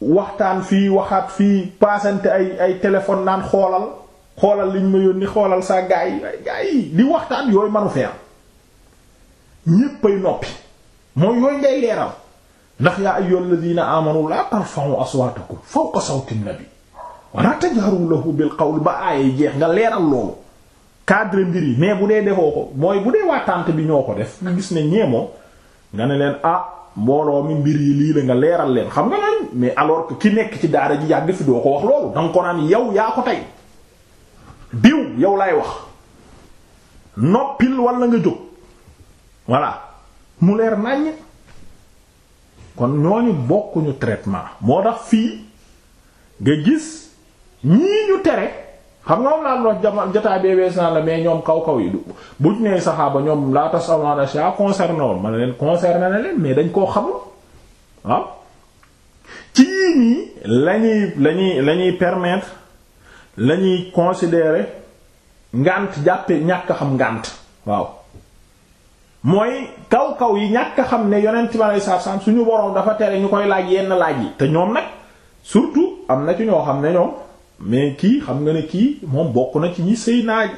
waxtaan fii waxaat fii paasante ay ay téléphone naan xoolal xoolal liñ ma yónni xoolal saa gaay di waxtaan yooyu manu fee am ñéppay noppi mooy yooyu ngay leeral ndax yaa ayyuhal ladina amanu la tarfa'u aswatakum fawqa sawti nabi wala tajharu lahu bil qawl ba aayay jeex nga leeral loolu cadre mbir yi mais bu dee defoo ko mooy bu dee waa tànt bi ñoo ko def nga gis ne ñeemoo nga ne leen ah mbooloo mi mbir yi lii la nga leeral leen xam nga lan mais alors que ki nekk ci daara ji yàgg fi doo ko wax loolu danga ko naan yow yaa ko tey diw yow laay wax noppil wala nga jóg voilà mu leer naññ kon ñooñu bokkuñu traitement moo tax fii nga gis ñii ñu tere xam na moom laa wax jama jotaay bee weesu naa la mais ñoom kaw kaw yi du buñ nee saxaaba ñoom laa tas amoon na saa ah concerné woon ma ne leen concerné na leen mais dañ koo xamul waaw ci yii nii lañuy lañuy lañuy permettre lañuy considérer ngànt jàppe ñàkk xam ngànt waaw mooy kaw kaw yi ñàkk xam ne yonent bi aleyhi salaatu salaam suñu boroom dafa tere ñu koy laaj yenn laaj yi te ñoom nag surtout am na ci ñoo xam ne ñoom. mais kii xam nga ne kii moom bokk na ci ñi sëy naa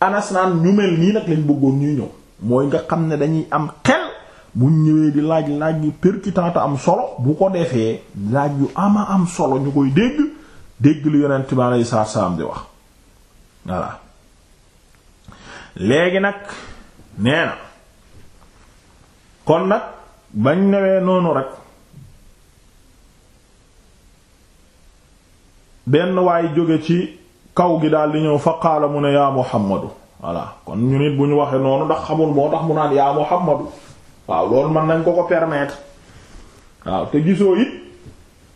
anas naan ñu mel nii nag lañ bëggoon ñuy ñëw mooy nga xam ne dañuy am xel bu ñëwee di laaj laaj yu pertinent am solo bu ko defee laaj yu ama am solo ñu koy dégg dégg lu yonent bi alayhi salaatu salaam di wax voilà léegi nag nee na kon nag bañ newee noonu rek benn waay jóge ci kaw gi daal di ñëw fa qaala mu ne yaa muhammadu kon ñu ñu waxee noonu ndax xamul moo tax mu naan yaa muhammadu waaw loolu mën nañ ko ko permettre waaw te gisoo it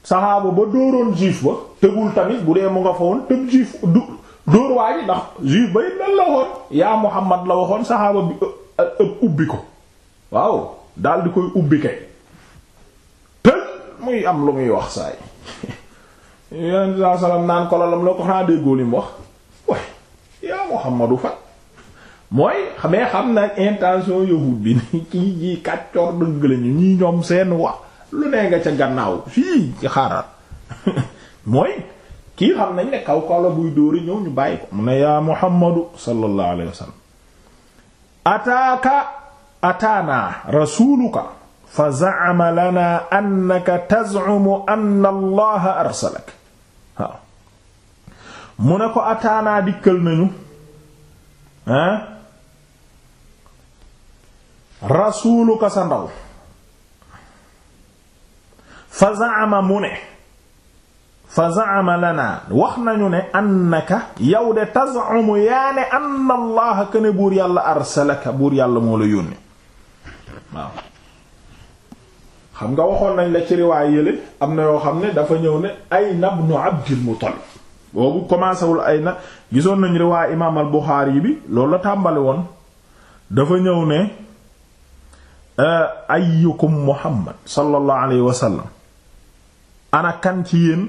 saxaaba ba dóoroon juif ba tëbul tamit bu dee mu nga fa woon tëb juif du dóor waaye ndax juif ba it lan la waxoon yaa muhammad la waxoon saxaaba ubbi ko waaw daal di koy ubbi kay tël muy am lu muy wax saay yonent bi salaam naan ko lalam la ko xanaa déggoo li wax way yaa Muhammadu fan mooy xamee xam na intention yahut bi ni kii ji kàccoor dëgg lañu ñii ñoom seen wax lu nee nga ca gannaaw fii ci xaaral mooy kii xam nañ ne kaw buy dóori ñëw ñu bàyyi ko mu ne yaa Muhammadu sallallahu alayhi wa ataaka ataana rasuluka fa za'ama lana annaka taz'umu anna allaha arsalak mu ne ko ataanaa dikkal nañu hein rasuuluka sa ndaw fa zaama mu ne fa zaama lana wax nañu ne annaka yow de tazamu yaa ne anna allaha këne buur yàlla arsalaka buur yàlla moo la yónni xam nga waxoon nañ la ci riwaay yële am na yoo xam ne dafa ñëw ne ayna ibnu abdil muttalib boobu commencé wul ayna gisoon nañ riwaay imaam al buxaari bi loolu la tàmbali woon dafa ñëw ne ayyukum muhammad sallallahu alayhi wa sallam ana kan ci yéen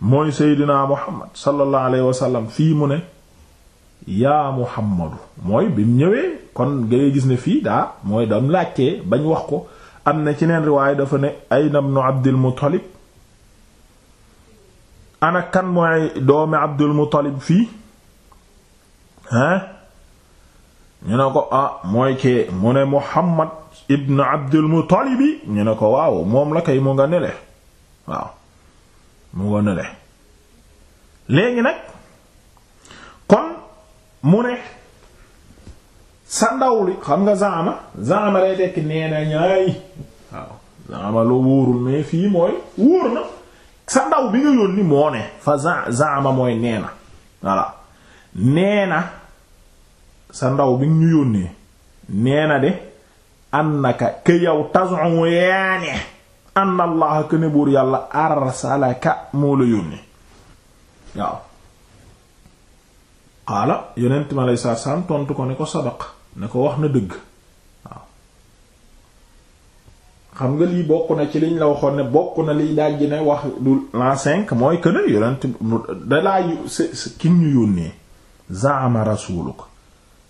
mooy seydinaa muhammad sallallahu alayhi wa fii mu ne yaa muhammadu mooy bi mu ñëwee kon ngay gis ne fii daa mooy dam laajtee bañ wax ko am na ci neen riwaay dafa ne ayna ibnu abdul muttalib ana kan mooy doomi abdul muttalib fii hein ñu ne ko ah mooy kee mu ne muhammad ibnu abdul muttalibi ñu ne ko waaw moom la kay mu nga nele waaw mu nga nele léegi nag kon mu ne sa ndaw li xam nga zaama zaama lay tekki nee na ñaay waaw zaama loo wóorul mais fii mooy wóor na sa ndaw bi nga yónni moo fa zaama mooy nee na voilà sa ndaw bi ñu yónnee nee na de annaka ke yow tason yaane ann allaha ke ne buur yàlla arsalaka moo la yónnee waaw qaala yonent mi aleyhi salaatu salaam tontu ko ne ko sadaq ne ko wax na dëgg waaw xam nga lii bokk na ci liñ la waxoon ne bokk na liy dajji ne wax du l'an cinq mooy que ne yonent dalaa ki ñu yónnee zaama rasuluka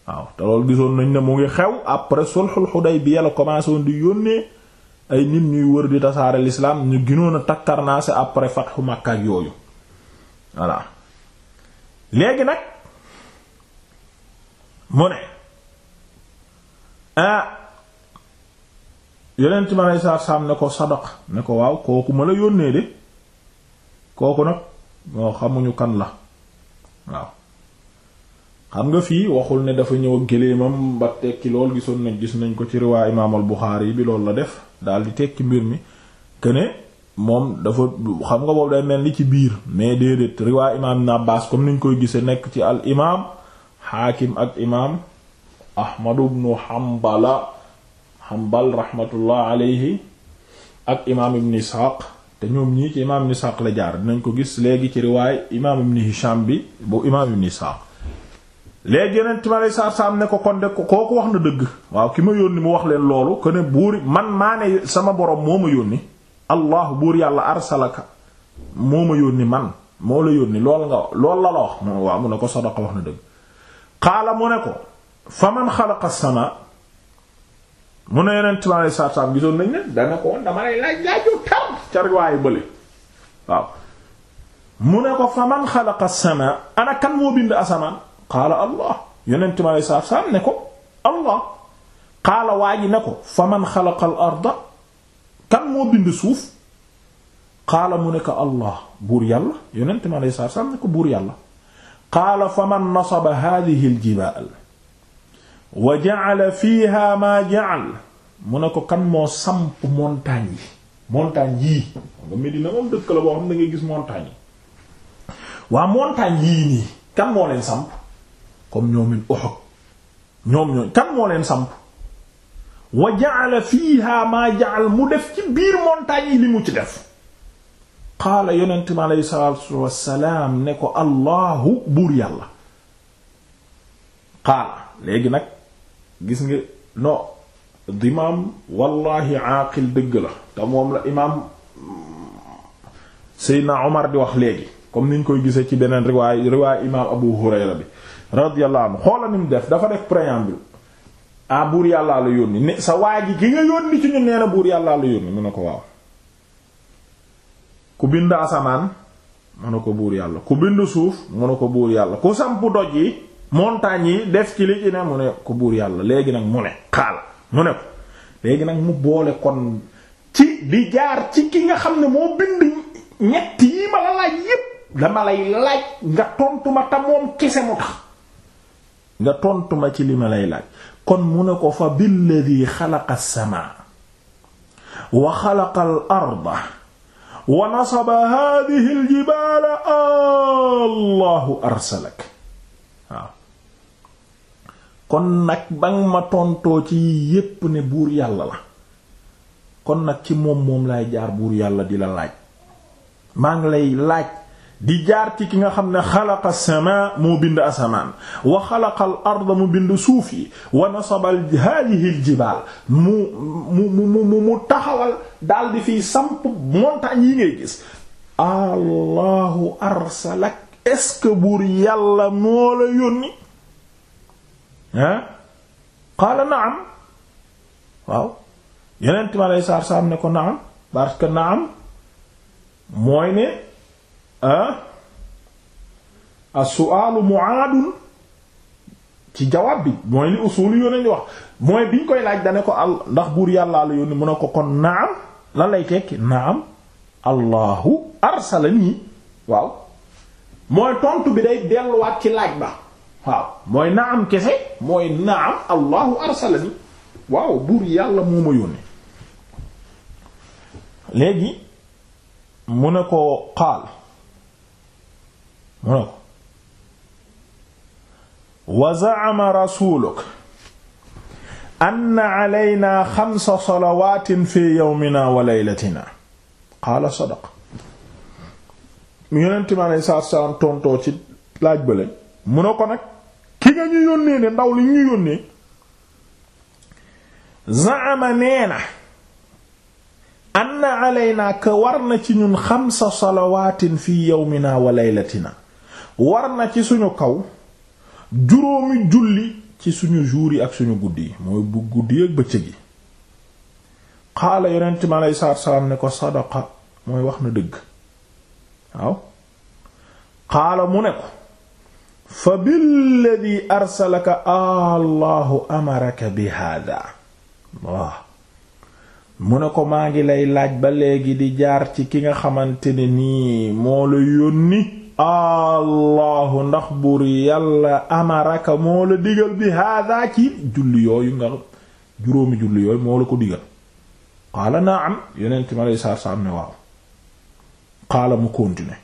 waaw te loolu gisoon nañ ne mu ngi xew après sulhul Hudaybiya la commencé woon di yónnee ay nit ñuy wër di tasaare l'islam ñu ginoon a takkarnaase après fathu Makka ak yooyu voilà léegi nag mu ne ah yonent ma lay saar saam ne ko sadaq ne ko waaw kooku ma la yónnee de kooku nag moo xamuñu kan la waaw xam nga fii waxul ne dafa ñëw géléemam ba tekki lool gisoon nañ gis nañ ko ci riwaa imaamal Buxaari bi loolu la def daal tekki mbir mi këne moom dafa xam nga boobu day mel ni ci biir mais déedéet riwaa imaam Ibn Abbaas comme niñ koy gisee nekk ci al imaam Xaakim ak imaam ahmadu bnu hambala hambal rahmatullah alayhi ak imaam ibn ishaq te ñoom ñii ci imaam ibn ishaq la jaar dinañ ko gis léegi ci riwaay imaam ibn hisham bi bu imaam ibn ishaq léegi yeneen time alay sa saam ne ko kon de kooku wax na dëgg waaw ki ma yónni mu wax leen loolu ko ne buur man maa ne sama boroom moo ma yónni allah buur yàlla arsalaka moo ma yónni man moo la yónni lool nga lool la la wax mun waaw mun ne ko sadaqa wax na dëgg xaala mu ne ko fa man xalaqa sama mu ne yeneen time ale saab saab gisoon nañ ne dana ko woon dama lay laaj laaj yu tar ca riwaayu bële waaw mu ne ko fa man xalaqa sama ana kan moo bind asamaan qaala allah yeneen time ale saab saab ne ko allah qaala waa ji ne ko fa man xalaqa al arda kan moo bind suuf qaala mu ne ko allah buur yàlla yeneen time ale saab saab ne ko buur yàlla qaala fa man nasaba haadihi al jibaal wa ja'ala fiha ma ja'al ne ko kan moo samp montagne yi montagne yii nga Medina moom dëkk yi waa montagne yii nii kan moo leen samp comme ñoomin Uhud ñoom ñooñ mu def ci biir montagne yi li mu ci def qaala yonent mi aleyhi salaatu wassalaam ne ko allahu buur yàlla qaala léegi nag gis nga no dimaam wallahi aaqil dëgg la te moom la imaam mm, Seydina Omar di wax léegi comme niñ koy gisee ci beneen riwaay riwaay imaam Abu Hurayra bi radiyallahu anhu xoola mu def dafa def préambule ah buur yàllaa la yónni ne sa waa gi ki nga yónni ci ñun nee buur yàllaa la yónni mu ne ko waaw ku bind asamaan mu ne ko buur yàlla ku bind suuf mu ne ko buur yàlla ku samp doj yi montagne yi def ci li ci mu ne ko buur yàlla léegi nag mu ne xaal mu ne ko léegi nag mu boole kon ci di jaar ci ki nga xam ne moo bind ñett yi ma la laaj yépp dama lay laaj nga tontu ma te moom kese mu tax nga tontu ma ci li ma lay laaj kon mu ne ko fa billadi xalaqa as-samaa wa xalaqa al wa nasaba haadihi allahu arsalak kon nag ba nga ma tontoo ci yépp ne buur yàlla la kon nag ci moom moom lay jaar buur yàlla di la laaj maa ngi lay laaj di jaar ci ki nga xam ne xalaqa samaa moo bind asamaan wa xalaqa al arda mu bind suuf yi wa nasaba haadihi al jibaal mu mu mu mu mu taxawal daal di fiy samp montagnes yi ngay gis allahu arsalak est buur yàlla moo la yónni ah qaala naam waaw yeneen ma lay saar ne ko naam parce que naam mooy ne ah as-su'aalu mu'aadun ci jawaab bi mooy li usul yónne ñu wax mooy biñ koy laaj dane ko al ndax buur yàllaa la yónni mu ne ko kon naam lan lay tekki naam allahu arsalani waaw mooy tontu bi day delluwaat ci laaj ba waaw mooy naam kese mooy naam allahu arsalani waaw buur yàlla moo ma yónni léegi mu ne ko qaal mu ne an wa za'ama rasuluk anna fi yawmina wa laylatina qaala sadaqa mu yonent mi alayhi tontoo ci laaj bële mu ne ko nag ki nga ñu yónnee de ndaw li ñu yónnee zaama nee na anna alayna ka war na ci ñun xamsa salawaatin fi yawmina wa laylatina war na ci suñu kaw juróomi julli ci suñu jour yi ak suñu guddi yi mooy bu guddi ak bëccëg yi xaala yonent mi ne ko sadaqa mooy wax na dëgg waaw xaala mu ne ko fa billadi arsalaka allahu amaraka bi hada waaw mu ne ko maa ngi lay laaj ba léegi di jaar ci ki nga xamante ne nii moo la yónni allahu ndax buur yàlla amaraka moo la digal bi hada ci julli yooyu nga juróomi julli yooyu moo la ko digal qaala naam yonent ma lay saar saam ne waaw qaala mu continuer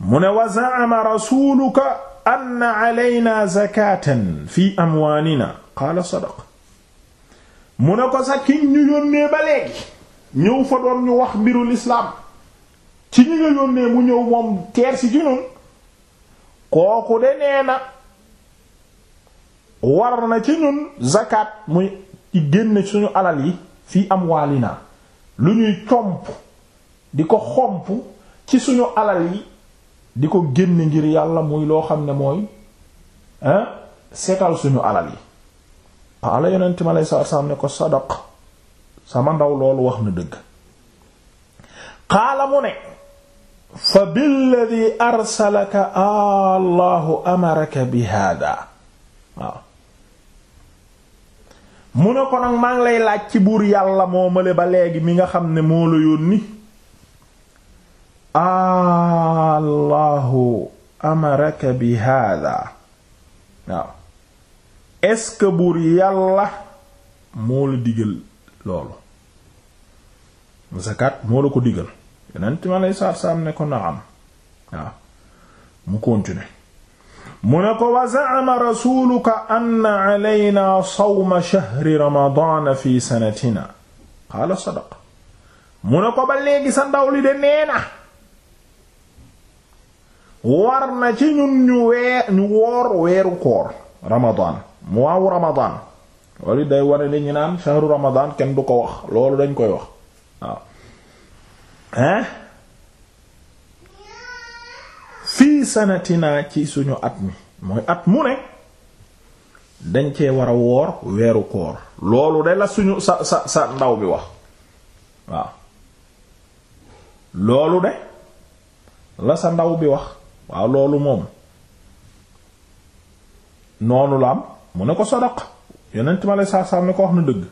mu ne wa za'ama rasuluka anna alayna zakatan fi amwaalina qaala sadaqa mu ne ko sa ki ñu yónnee ba léegi ñëw fa doon ñu wax mbiru lislaam ci ñi nga yónnee mu ñëw moom teer ci ñun kooku de nee na war na ci ñun zakat muy ci génn suñu alal yi fii amwaalina lu ñuy comp di ko xomp ci suñu alal yi di ko génne ngir yàlla muy loo xam ne mooy setal suñu alal yi ala yonent mi aleyhi salaatu salaam ne ko sadaq sama ndaw loolu wax na dëgg xaala fa billadi arsalaka allahu bi hada waaw mu ne ko nag maa ngi lay laaj ci buur yàlla moo male ba léegi mi nga xam ne moo la yónni allahu amaraka bi hada waaw est buur yàlla moo la digal loolu zakat moo la ko digal yonent ma lay saar saam ne ko na mu continuer mu ne ko wa za'ama rasuluka anna alayna sawma shahri ramadana fi sanatina qaala sadaqa war na ci ñun ñu weer ñu woor weeru koor ramadan muwaawu ramadan loolu day wane li ñu naan shahru ramadan kenn du ko wax loolu dañ koy wax waaw fii sanatina ci suñu at mi mooy at mu dañ cee war woor weeru loolu de la sa ndaw bi wax waaw loolu de la sa ndaw bi wax waaw loolu moom noonu la mu ne ko sadaq yonent ma la saa saa ne ko wax na dëgg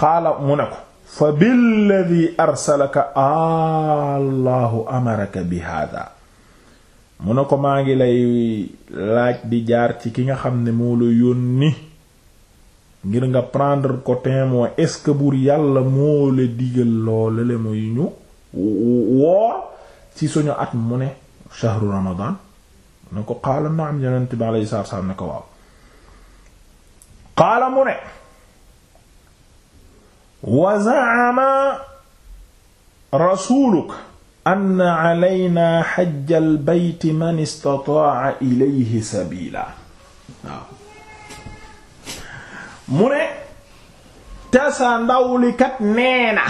qaala mu ne ko fa billadi arsalaka allahu amaraka bi hada mu ne ko maa ngi lay laaj di jaar ci ki nga xam ne moo la yónni ngir nga prendre ko témoin est-ce que buur yàlla moo la digal loolale muy ñu woor ci suñu at mu ne shahru ramadan ne ko qaala naam yonent bi alayhi salaatu salaam ne ko waaw qaala mu ne wa za'ama rasuuluka anna alaynaa hajjal bayti man istataa'a ilayhi sabiilaa waaw mu ne te sa ndawlikat nee na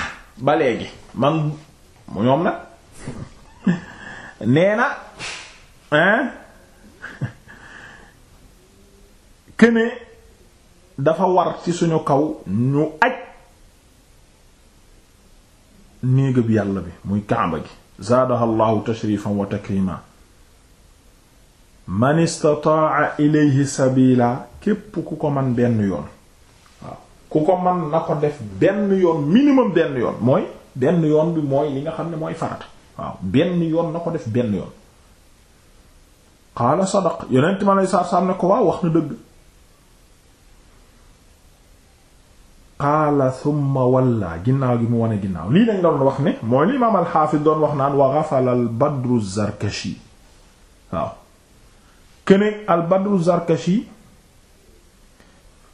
ba léegi man mu ñoom nag nee na hein këne dafa war ci suñu kaw ñu aj néegab yàlla bi muy kaaba gi zaadaha allahu tashrifan wa takrima man istataa ilayhi sabila képp ku ko man benn yoon waaw ku ko man na ko def benn yoon minimum benn yoon mooy benn yoon bi mooy li nga xam ne mooy farata waaw benn yoon na ko def benn yoon qaala sadaq yonent ma lay saar-saam ne ko waaw wax na dëgg qaala thumma walla ginnaaw gi mu wane ginnaaw lii dañ doon wax ne mooy li imaam alxaafis doon wax naan wa ghafala al badru zarkashi waaw këne al badru zarkashi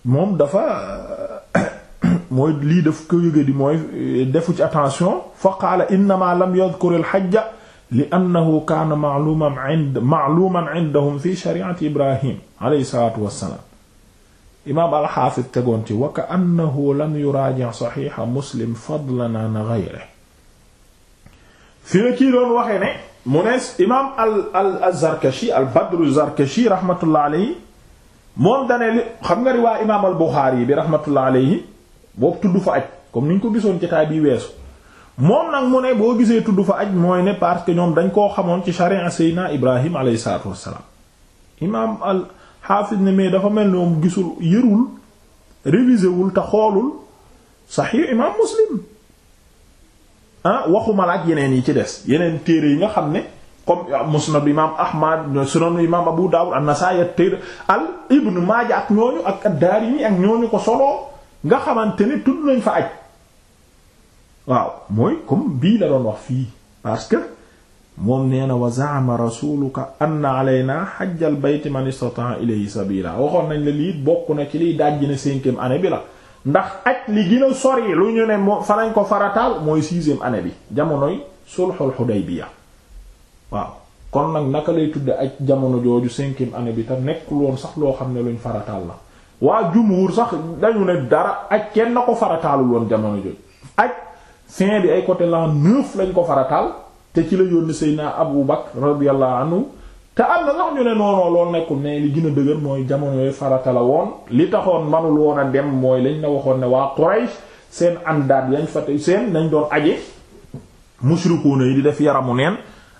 moom dafa mooy lii daf ko yëga di mooy eh, defu ci attention fa qaala innama lam yadhkur fi shari'ati ibrahim alayhi salaatu wassalaam imaam alxaafid tegoon ci wa ka annahu lam yuraaji' saxiixa muslim fadlan 'an ghayrihi al zarkashi al zarkashi rahmatullah alayhi moom dane xam nga riwaa imaam al boobu tudd fa aj comme ni ñu ko gisoon ci jotaay bi weesu moom nag mu ne boo gisee tudd fa aj mooy ne parce que ñoom dañ koo xamoon ci sharia Seydina Ibrahim alayhi salaatu wassalaam imaam al xaafis ne mais dafa mel ni moom gisul yërul révisé wul te xoolul saxiix imaam Muslim ah, waxuma la yeneen yi ci des yeneen téere yi nga xam ne comme musnad imaam Ahmad sunan imaam Abu Dawud an-Nasaa'i téere al Ibn Maaja ak ñooñu ak ad-Daarimi ak ñooñu ko solo. nga xamante ni tudd lañ fa aj waaw mooy comme bii la doon wax fii parce que moom nee na wa zaama rasuluka anna alayna xajjal bayti man istata ilayhi sabila waxoon nañ la lii bokk na ci liy dajji na cinquième année bi la ndax aj li gën a sori lu ñu ne fa lañ ko farataal mooy sixième année bi jamonoy sulxul xudaybiya waaw kon nag naka lay tudde aj jamono jooju cinquième année bi te nekk woon sax loo xam ne luñ farataal la waa jumhur sax dañu ne dara ak kenn na ko farataalul woon jamono jooju aj fin bi ay côté l'an neuf lañ ko farataal te ci la yónni Seydina Abu Bakr radiyallahu anhu te am na sax ñu ne noonoo mooy jamono yooyu farata woon li taxoon manul woon a dem mooy lañ waxoon ne waa Quraysh seen àndaat yañ fa te seen nañ doon aje mushrikuuna yi di def yaramu neen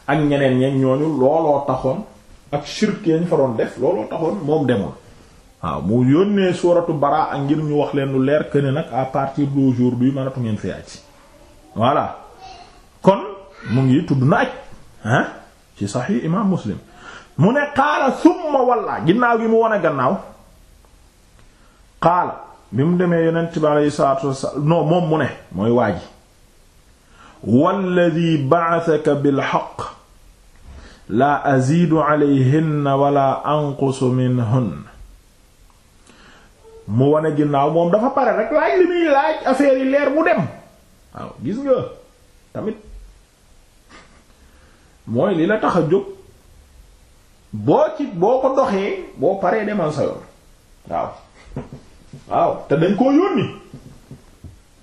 ak ñeneen ñeeg ñooñu looloo taxoon ak shirk yañ fa doon def looloo taxoon moom demoon waaw mu yónnee suratu bara ak ngir ñu wax leen lu leer que ne nag à partir d'aujourd'hui manatu ngeen fi aj voilà kon mu ngi tudd na aj ah ci sahih imam muslim mu ne qaala summa walla ginnaaw gi mu wane gannaaw qaala bi mu demee yonent bi aleyhi salatu wasalaam moom mu ne mooy waa ji walladi ba'athaka bil haqq la azidu alayhinna wala anqusu minhunna mu wane ginnaaw moom dafa pare rek laaj li muy laaj affaire yi leer mu dem waaw gis nga tamit mooy li la tax a jóg boo ci boo ko doxee boo paree demal sa yoon waaw waaw te dañ koo yónni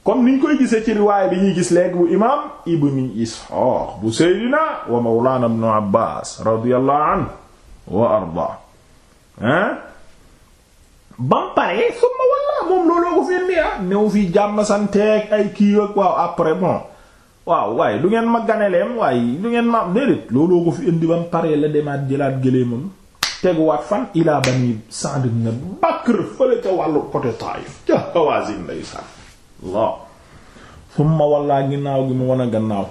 comme niñ koy gise ci riwaay bi ñuy gis léegi bu imaam ibnu Isxaaq bu Seydina wa Mawlaana ibnu Abbaas radiyallahu wa ardaa bam pare eh, summa walla moom looloo ko fii nii ah. new fii jàmm santeeg ay kii ak waaw après bon waaw waaye du ngeen ma ganeleem waaye du ngeen ma déedéet looloo ko fi indi bam pare la demaat jëlaat gëléemam teguwaat fan ilaa bani Sa'd ibn Bakr fële ca wàllu côté Taif ca Hawazin lay sànn waaw summa wallaa ginnaaw gi mu wan a gannaaw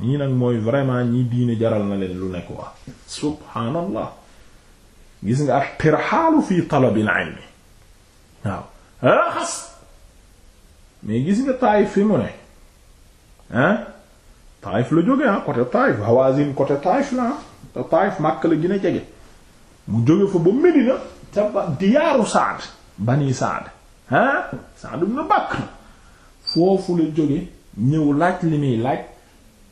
ñii nag mooy vraiment ñi diine jaral na leen lu nekk waa subhaanallah gis nga ak tirxaalu fi talabil ilmi waaw raxas mais gis nga Taayif fi mu ne hein Taayif la jóge ah côté Taayif Hawazin côté Taayif la ah te Taayif Makka la gën a jege mu jóge fa ba Medina ca ba diyaaru Saad bani Saad ah Saad ibn Bakr foofu la jóge ñëw laaj li muy laaj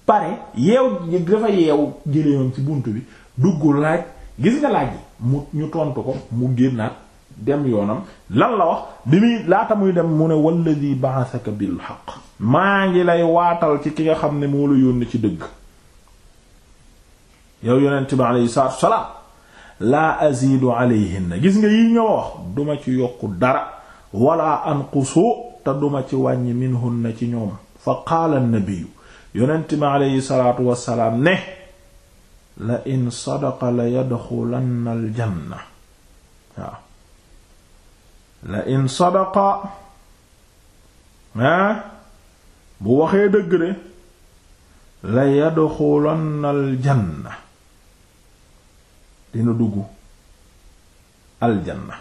pare yeew dafa yeew jëlee ci bunt bi dugg laaj gis nga laaj mu ñu tontu ko mu génnaat dem yoonam lan la wax bi muy laata muy dem mu ne walladi ba'athaka bil haqq maa ngi lay waatal ci ki nga xam ne moo la yónni ci dëgg yow yonent bi alayhi salaatu wa salaam gis nga yi ñoo wax duma ci yokk dara wala anqusu te duma ci wàññi minhunna ci ñoom fa qaala an-nabiyyu yonent bi alayhi salaatu wa salaam ne la in sadaqa la yadxulanna aljanna waaw la in sadaqa ah bu waxee dëgg de la yadxulanna aljanna dina dugg aljanna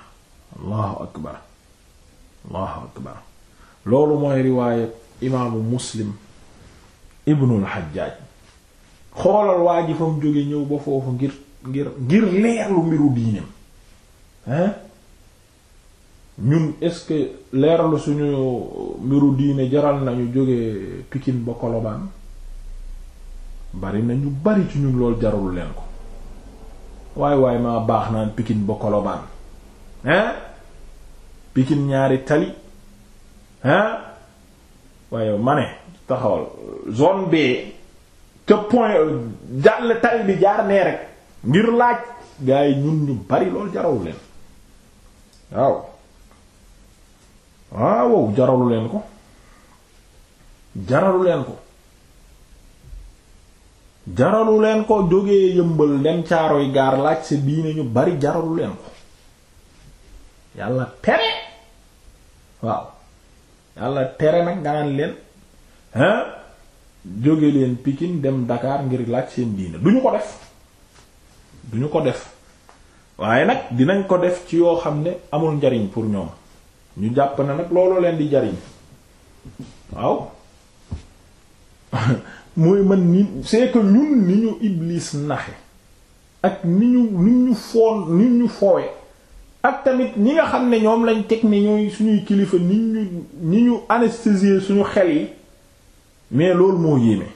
allahu akbar allahu akbar loolu mooy riwaayat imaamu muslim ibnul xajjaaj xoolal waa ji fa mu jóge ñëw ba foofu ngir ngir ngir leerlu mbiru diineem hein ñun est-ce que leerlu suñu mbiru diine jaral nañu jóge Pikine ba Colobane bari na ñu bari ci ñun lool jarul leen ko waaye waaye maa baax naan Pikine ba Colobane hein Pikine ñaari tali hein waaye ma ne taxawal zone B ca point euh, jàll tali bi jaar nee rek ngir laaj gars yi ñun ñu bari loolu jaraw leen waaw ah, waaw jaralu leen ko jaralu leen ko jaralu leen ko jógee yëmbal dem caaroy gaar laaj sa diine ñu bari jaralu leen ko yàlla tere waaw yàlla tere nag nga naan leen hein jóge leen Pikine dem Dakar ngir laaj seen diine duñu ko def duñu ko def waaye nag dinañ ko def ci yoo xam ne amul njariñ pour ñoom ñu jàpp na nag looloo leen di jariñ waaw mooy man ni c'est que ñun ni ñu Iblis naxe ak ni ñu ni ñu foon ni ñu foowe ak tamit ñi nga xam ne ñoom lañ teg ne ñooy suñuy kilifa ni ñu ni ñu anesthésier suñu xel yi mais loolu moo yéeme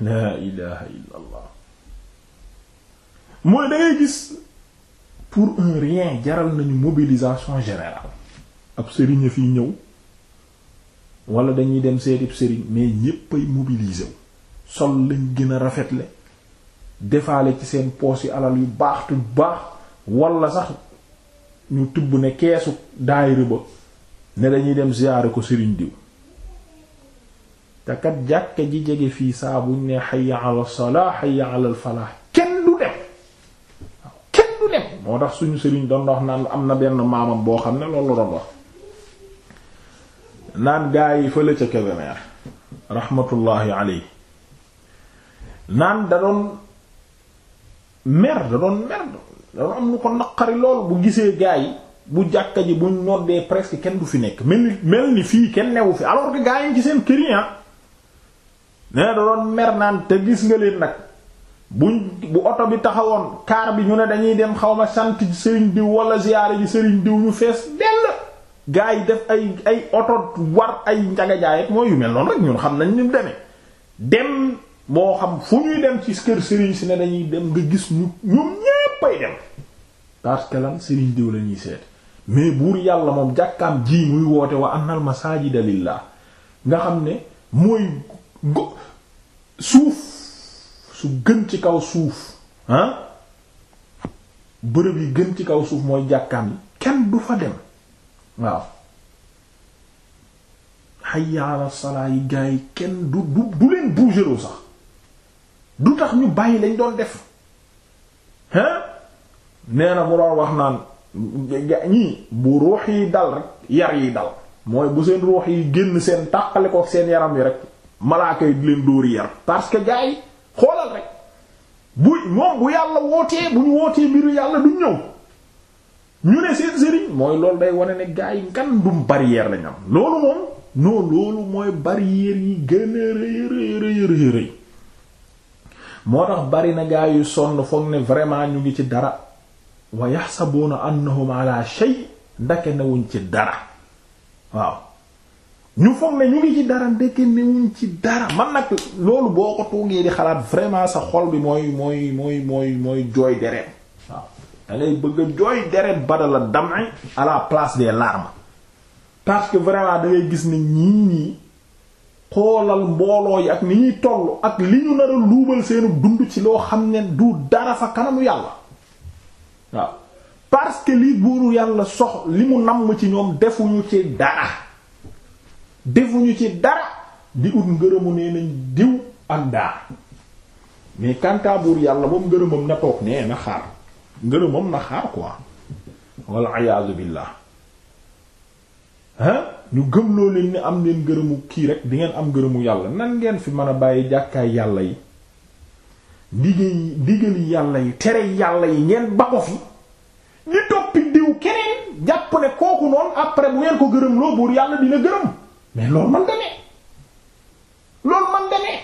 laa ilaha illa mooy da gis pour un rien jaral nañu mobilisation générale ab sëriñ a ñëw wala dañuy dem seetib sëriñ mais ñépp ay mobiliser wu sol lañ gën a rafetle defaale ci seen poos yu alal yu baax tu baax walla sax ñu tubb ne keesu daayira ba ne dañuy dem ziyaare ko sëriñ diw te kat jàkka ji jege fii saabu buñ ne hayya ala salaa hayya ala falaa kenn du dem kenn du dem moo tax suñu sëriñ doon wax naan am na benn maamam boo xam ne loolu doon wax naan gaa yi fële ca Kébémer rahmatullahi alayhi naan da doon mer da doon mer da doon am lu ko naqari lool bu gisee gaa yi bu jàkka ji buñ noddee presque kenn du fi nekk mel ni fii kenn newu fi alors que gaa yi ci seen kër ah. nee da doon mer te gis nga leen nag buñ bu oto bi taxawoon kaar bi ñu ne dañuy dem xaw ma sant sëriñ diw wala ziyaare ji sëriñ diw ñu fees dell gaa yi def ay ay oto war ay njaga jaay mooy yu mel noonu rek ñun xam nañ ñu demee dem moo xam fu ñuy dem ci kër sëriñ si ne dañuy dem nga gis ñu ñoom ñéppay dem parce que lan sëriñ diw la ñuy seet mais buur yàlla moom jàkkaam ji muy woote wa annal masajida lillah nga xam ne mooy go suuf su gën ci kaw suuf ah bërëb yi gën ci kaw suuf mooy jàkkaam yi kenn du fa dem waaw hayya ala salaa yi gaa yi kenn du du du leen bougeroo sax du tax ñu bàyyi lañ doon def hein nee na mu doon wax naan ñii bu ruux yi dal rek yar yi dal mooy bu seen ruux yi génn seen tàqale ko seen yaram yi rek malaaka yi di leen dóori yar parce que gars yi xoolal rek bu moom bu yàlla wootee bu ñu wootee mbiru yàlla duñ ñëw ñu ne seen sëriñ mooy loolu day wane ne gars yi ngan dum barrière lañ am loolu moom non loolu mooy barrière yi gën a rëy rëy rëy moo tax bari na gars yu sonn foog ne vraiment ñu ngi ci dara wa yaxsabuuna annahum ala shay ndake newuñ ci dara waaw ñu foog ne ñu ngi ci dara ndeke newuñ ci dara man nag loolu boo ko toogee di xalaat vraiment sa xol bi mooy mooy mooy mooy mooy jooy deret waaw da bëgg jooy deret ba dam'i à la place des larmes parce que vraiment da gis ne ñii xoolal mbooloo yi ak ni ñuy ak li ñu nar a luubal seenu dund ci loo xam ne du dara fa kanamu yàlla waaw parce que li buuru yàlla sox li mu namm ci ñoom defuñu ci dara defuñu ci dara di ut ngërëmu nee nañ diw ak daa mais kantaa buur yàlla moom ngërëmam na toog nee na xaar ngërëmam na xaar quoi wal ayaadu billah ah ñu gëm loo leen am leen ngërëmu kii rek di ngeen am ngërëmu yàlla nan ngeen fi mën a bàyyi jàkkaay yàlla yi liggéey liggéey yàlla yi tere yàlla yi ngeen ba fi di toppi diw keneen jàpp ne kooku noonu après bu ngeen ko gërëm loo buur yàlla dina gërëm mais loolu man da ne loolu man da ne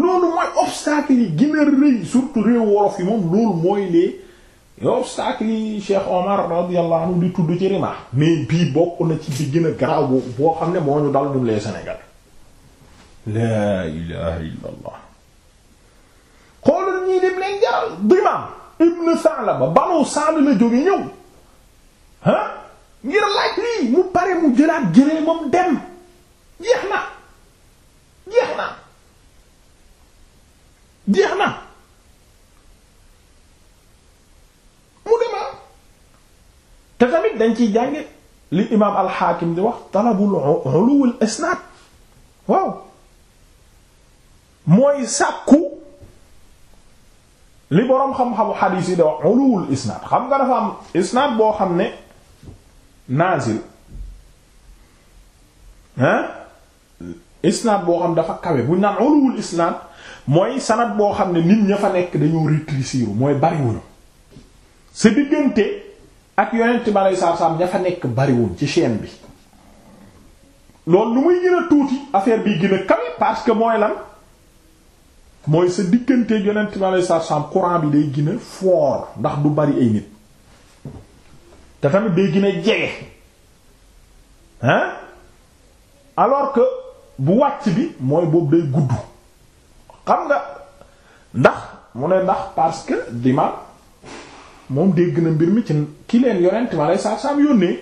loolu mooy obstacle yi rëy surtout réew wolof yi moom loolu mooy les obstacles yi Omar radiyallahu anhu di tudd ci rima mais bii bokk na ci bi gën garaaw boo xam ne moo ñu dal ñun les Sénégal laa ilaha illa allah xoolul ñii dem leen jaral Dimaam ibn Sa'laba banu Sa'd la jóge ñëw ngir laaj lii mu pare mu jëlaat jëlee moom dem jeex na jeex na jeex na mu demaa te tamit dañ ciy jànge li imaam alxaakim di wax talabul uluwul isnaad waaw mooy sàkku li boroom xam-xamu xadiis yi da wax uluwul isnaad xam nga dafa am isnaad boo xam ne naazil hein isnaad boo xam dafa kawe bu naan uluwul isnaad mooy sanad boo xam ne nit ña fa nekk dañoo rétrécir mooy bariwuñu sa diggante ak yonent bi aleyhi salaatu ña fa nekk bariwuñ ci chaîne bi loolu lu muy gën tuuti affaire bi gën a kawe parce que mooy lan mooy sa diggante yonent bi aleyhi salaatu salaam bi day gën a ndax du bari ay nit te tamit day gën jege hein alors que bu wàcc bi mooy boobu day gudd xam nga ndax mu ne ndax parce que di ma moom dégg na mbir mi ci ki leen yonent ma lay saa saam yónnee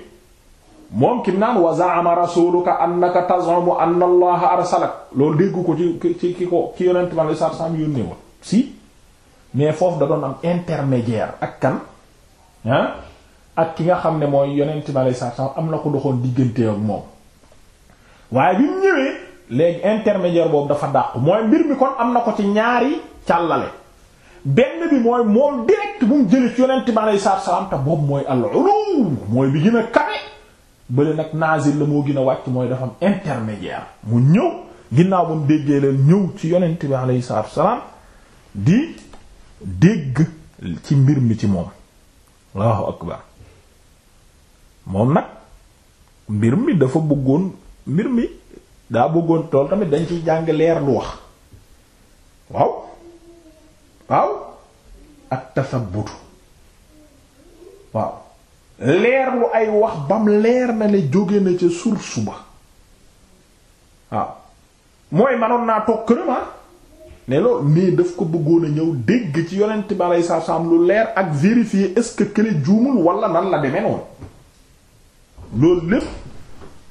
moom kim naan wa za'ama rasuluka annaka tazumu anna allaha arsalak loolu dégg ko ci ci ki ko ki yonent ma lay saa saam yónnee woon si mais foofu da doon am intermédiaire ak kan ak ki nga xam ne mooy yonent bi alei satu am na ko doxoon diggante ak moom waaye bi ñëwee léegi intermédiaire boobu dafa dàq mooy mbir mi kon am na ko ci ñaari càllale benn bi mooy moom direct bu mu jëlee ci yonent bi alei salaam boobu mooy al-ulum bi gën a nag nazil la moo gën a wàcc mooy dafa am intermédiaire ñëw ginnaaw ba mu ñëw ci yonent bi aleyhi salaatu wasalaam di dégg ci mbir mi ci moom allahu akbar moom nag mbir mi dafa bëggoon mbir mi daa bëggoon tool tamit dañ ciy jàng leer lu wax waaw waaw ak tasabbutu waaw leer lu ay wax bam leer na ne jóge na ca source suba waaw mooy manoon naa toog këramaa ah. ne loolu daf ko bëggoon a ñëw dégg ci yonent bi aleyhi salaam lu leer ak vérifier est-ce que kële juumul wala nan la demee noonu loolu lépp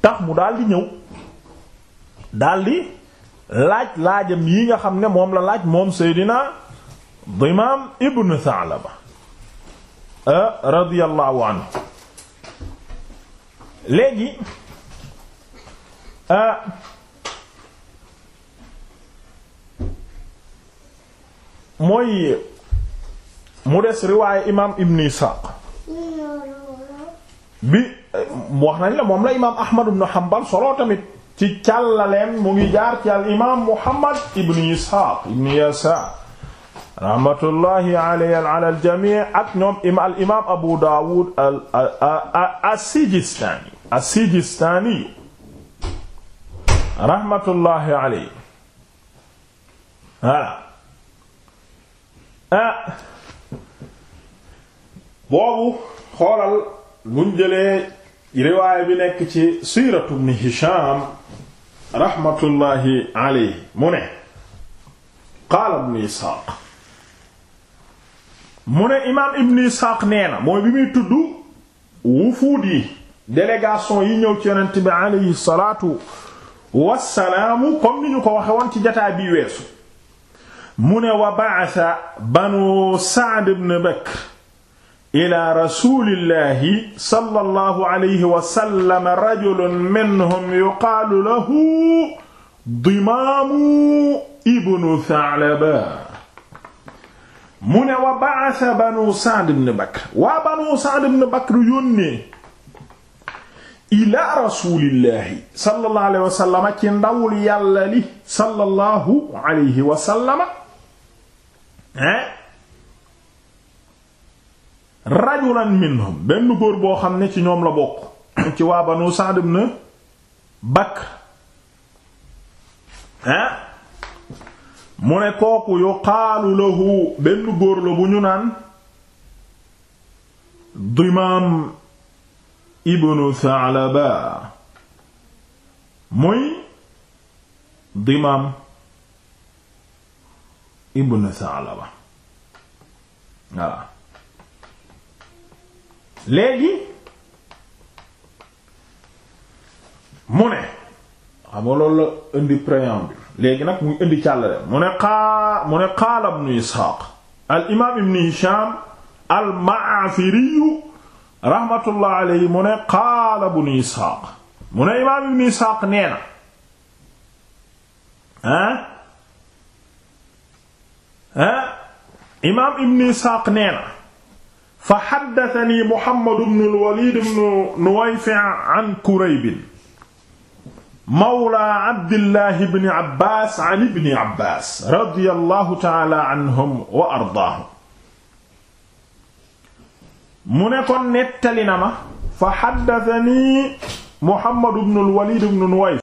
tax mu daal ñëw daldi laaj laajam yi nga xam ne moom la laaj moom Seydina Dimaam ibn Sa'laba euh, radiyallahu anhu léegi euh, mooy mu des riwaaye imaam Ibn Isaaq bi wax nañ la moom la imaam Ahmad ibn Hanbal solo tamit ci càllaleen mu ngi jaar ci al imaam Muhammad ibn Ishaq ibn Yasa rahmatullahi alayhi ala al jami' ak ñoom al imaam Abu Dawud al as-Sijistani as-Sijistani rahmatullahi alayhi voilà ah. boobu xoolal buñ jëlee riwaaya bi nekk ci siiratu ibn Hisham raxmatullaahi alayhi mu ne qaala ibn Isxaaq mu ne imaam ibn Isxaaq nee na mooy bi muy tudd wufuud yi yi ñëw ci yonent bi alayhi salaatu wassalaamu comme ñu ko waxe woon ci jataay bi weesu mu ne wa ba'atha banu Sa'd ibn Bakr ila rasulillahi sallallahu alayhi wa sallam rajulun minhum yuqaalu lahu dimaamu ibnu Tha'laba mu ne wa ba'atha banu Sa'd ibn Bakr waa banu Sa'd ibn Bakr yónnee ila rasulillahi sallallahu alayhi wa sallama ci ndawul yàlla li sallallahu alayhi wa sallama hein eh? rajulan minhum benn góor boo xam ne ci ñoom la bokk ci waa banu Sa'd ibn Bakr ah mu ne kooku yuqaalu lahu benn góor la bu ñu naan Dimaam ibnu Tha'laba muy Dimaam ibnu Tha'laba voilà léegi mu ne xam nga loolu la indi préambule léegi nag muy indi càllale mu ne xaa mu ne qaala ibnu isxaaq al imaam ibnu hisham al maafiriyu rahmatullah alayhi mu ne qaala ibnu isxaaq mu ne imaam ibnu isxaaq nee na ah ah imaam ibnu isxaaq fa xaddatani Muhammadu bnu al-Waliid bnu Nuwayfi' an Kurayb mawla Abdillahi bni Abbaas an ibni Abbaas radiyallahu ta'aala anhum wa ardaahum mu ne kon nettali na ma fa xaddatani Muhammadu bnu al-Waliid bnu Nuwayf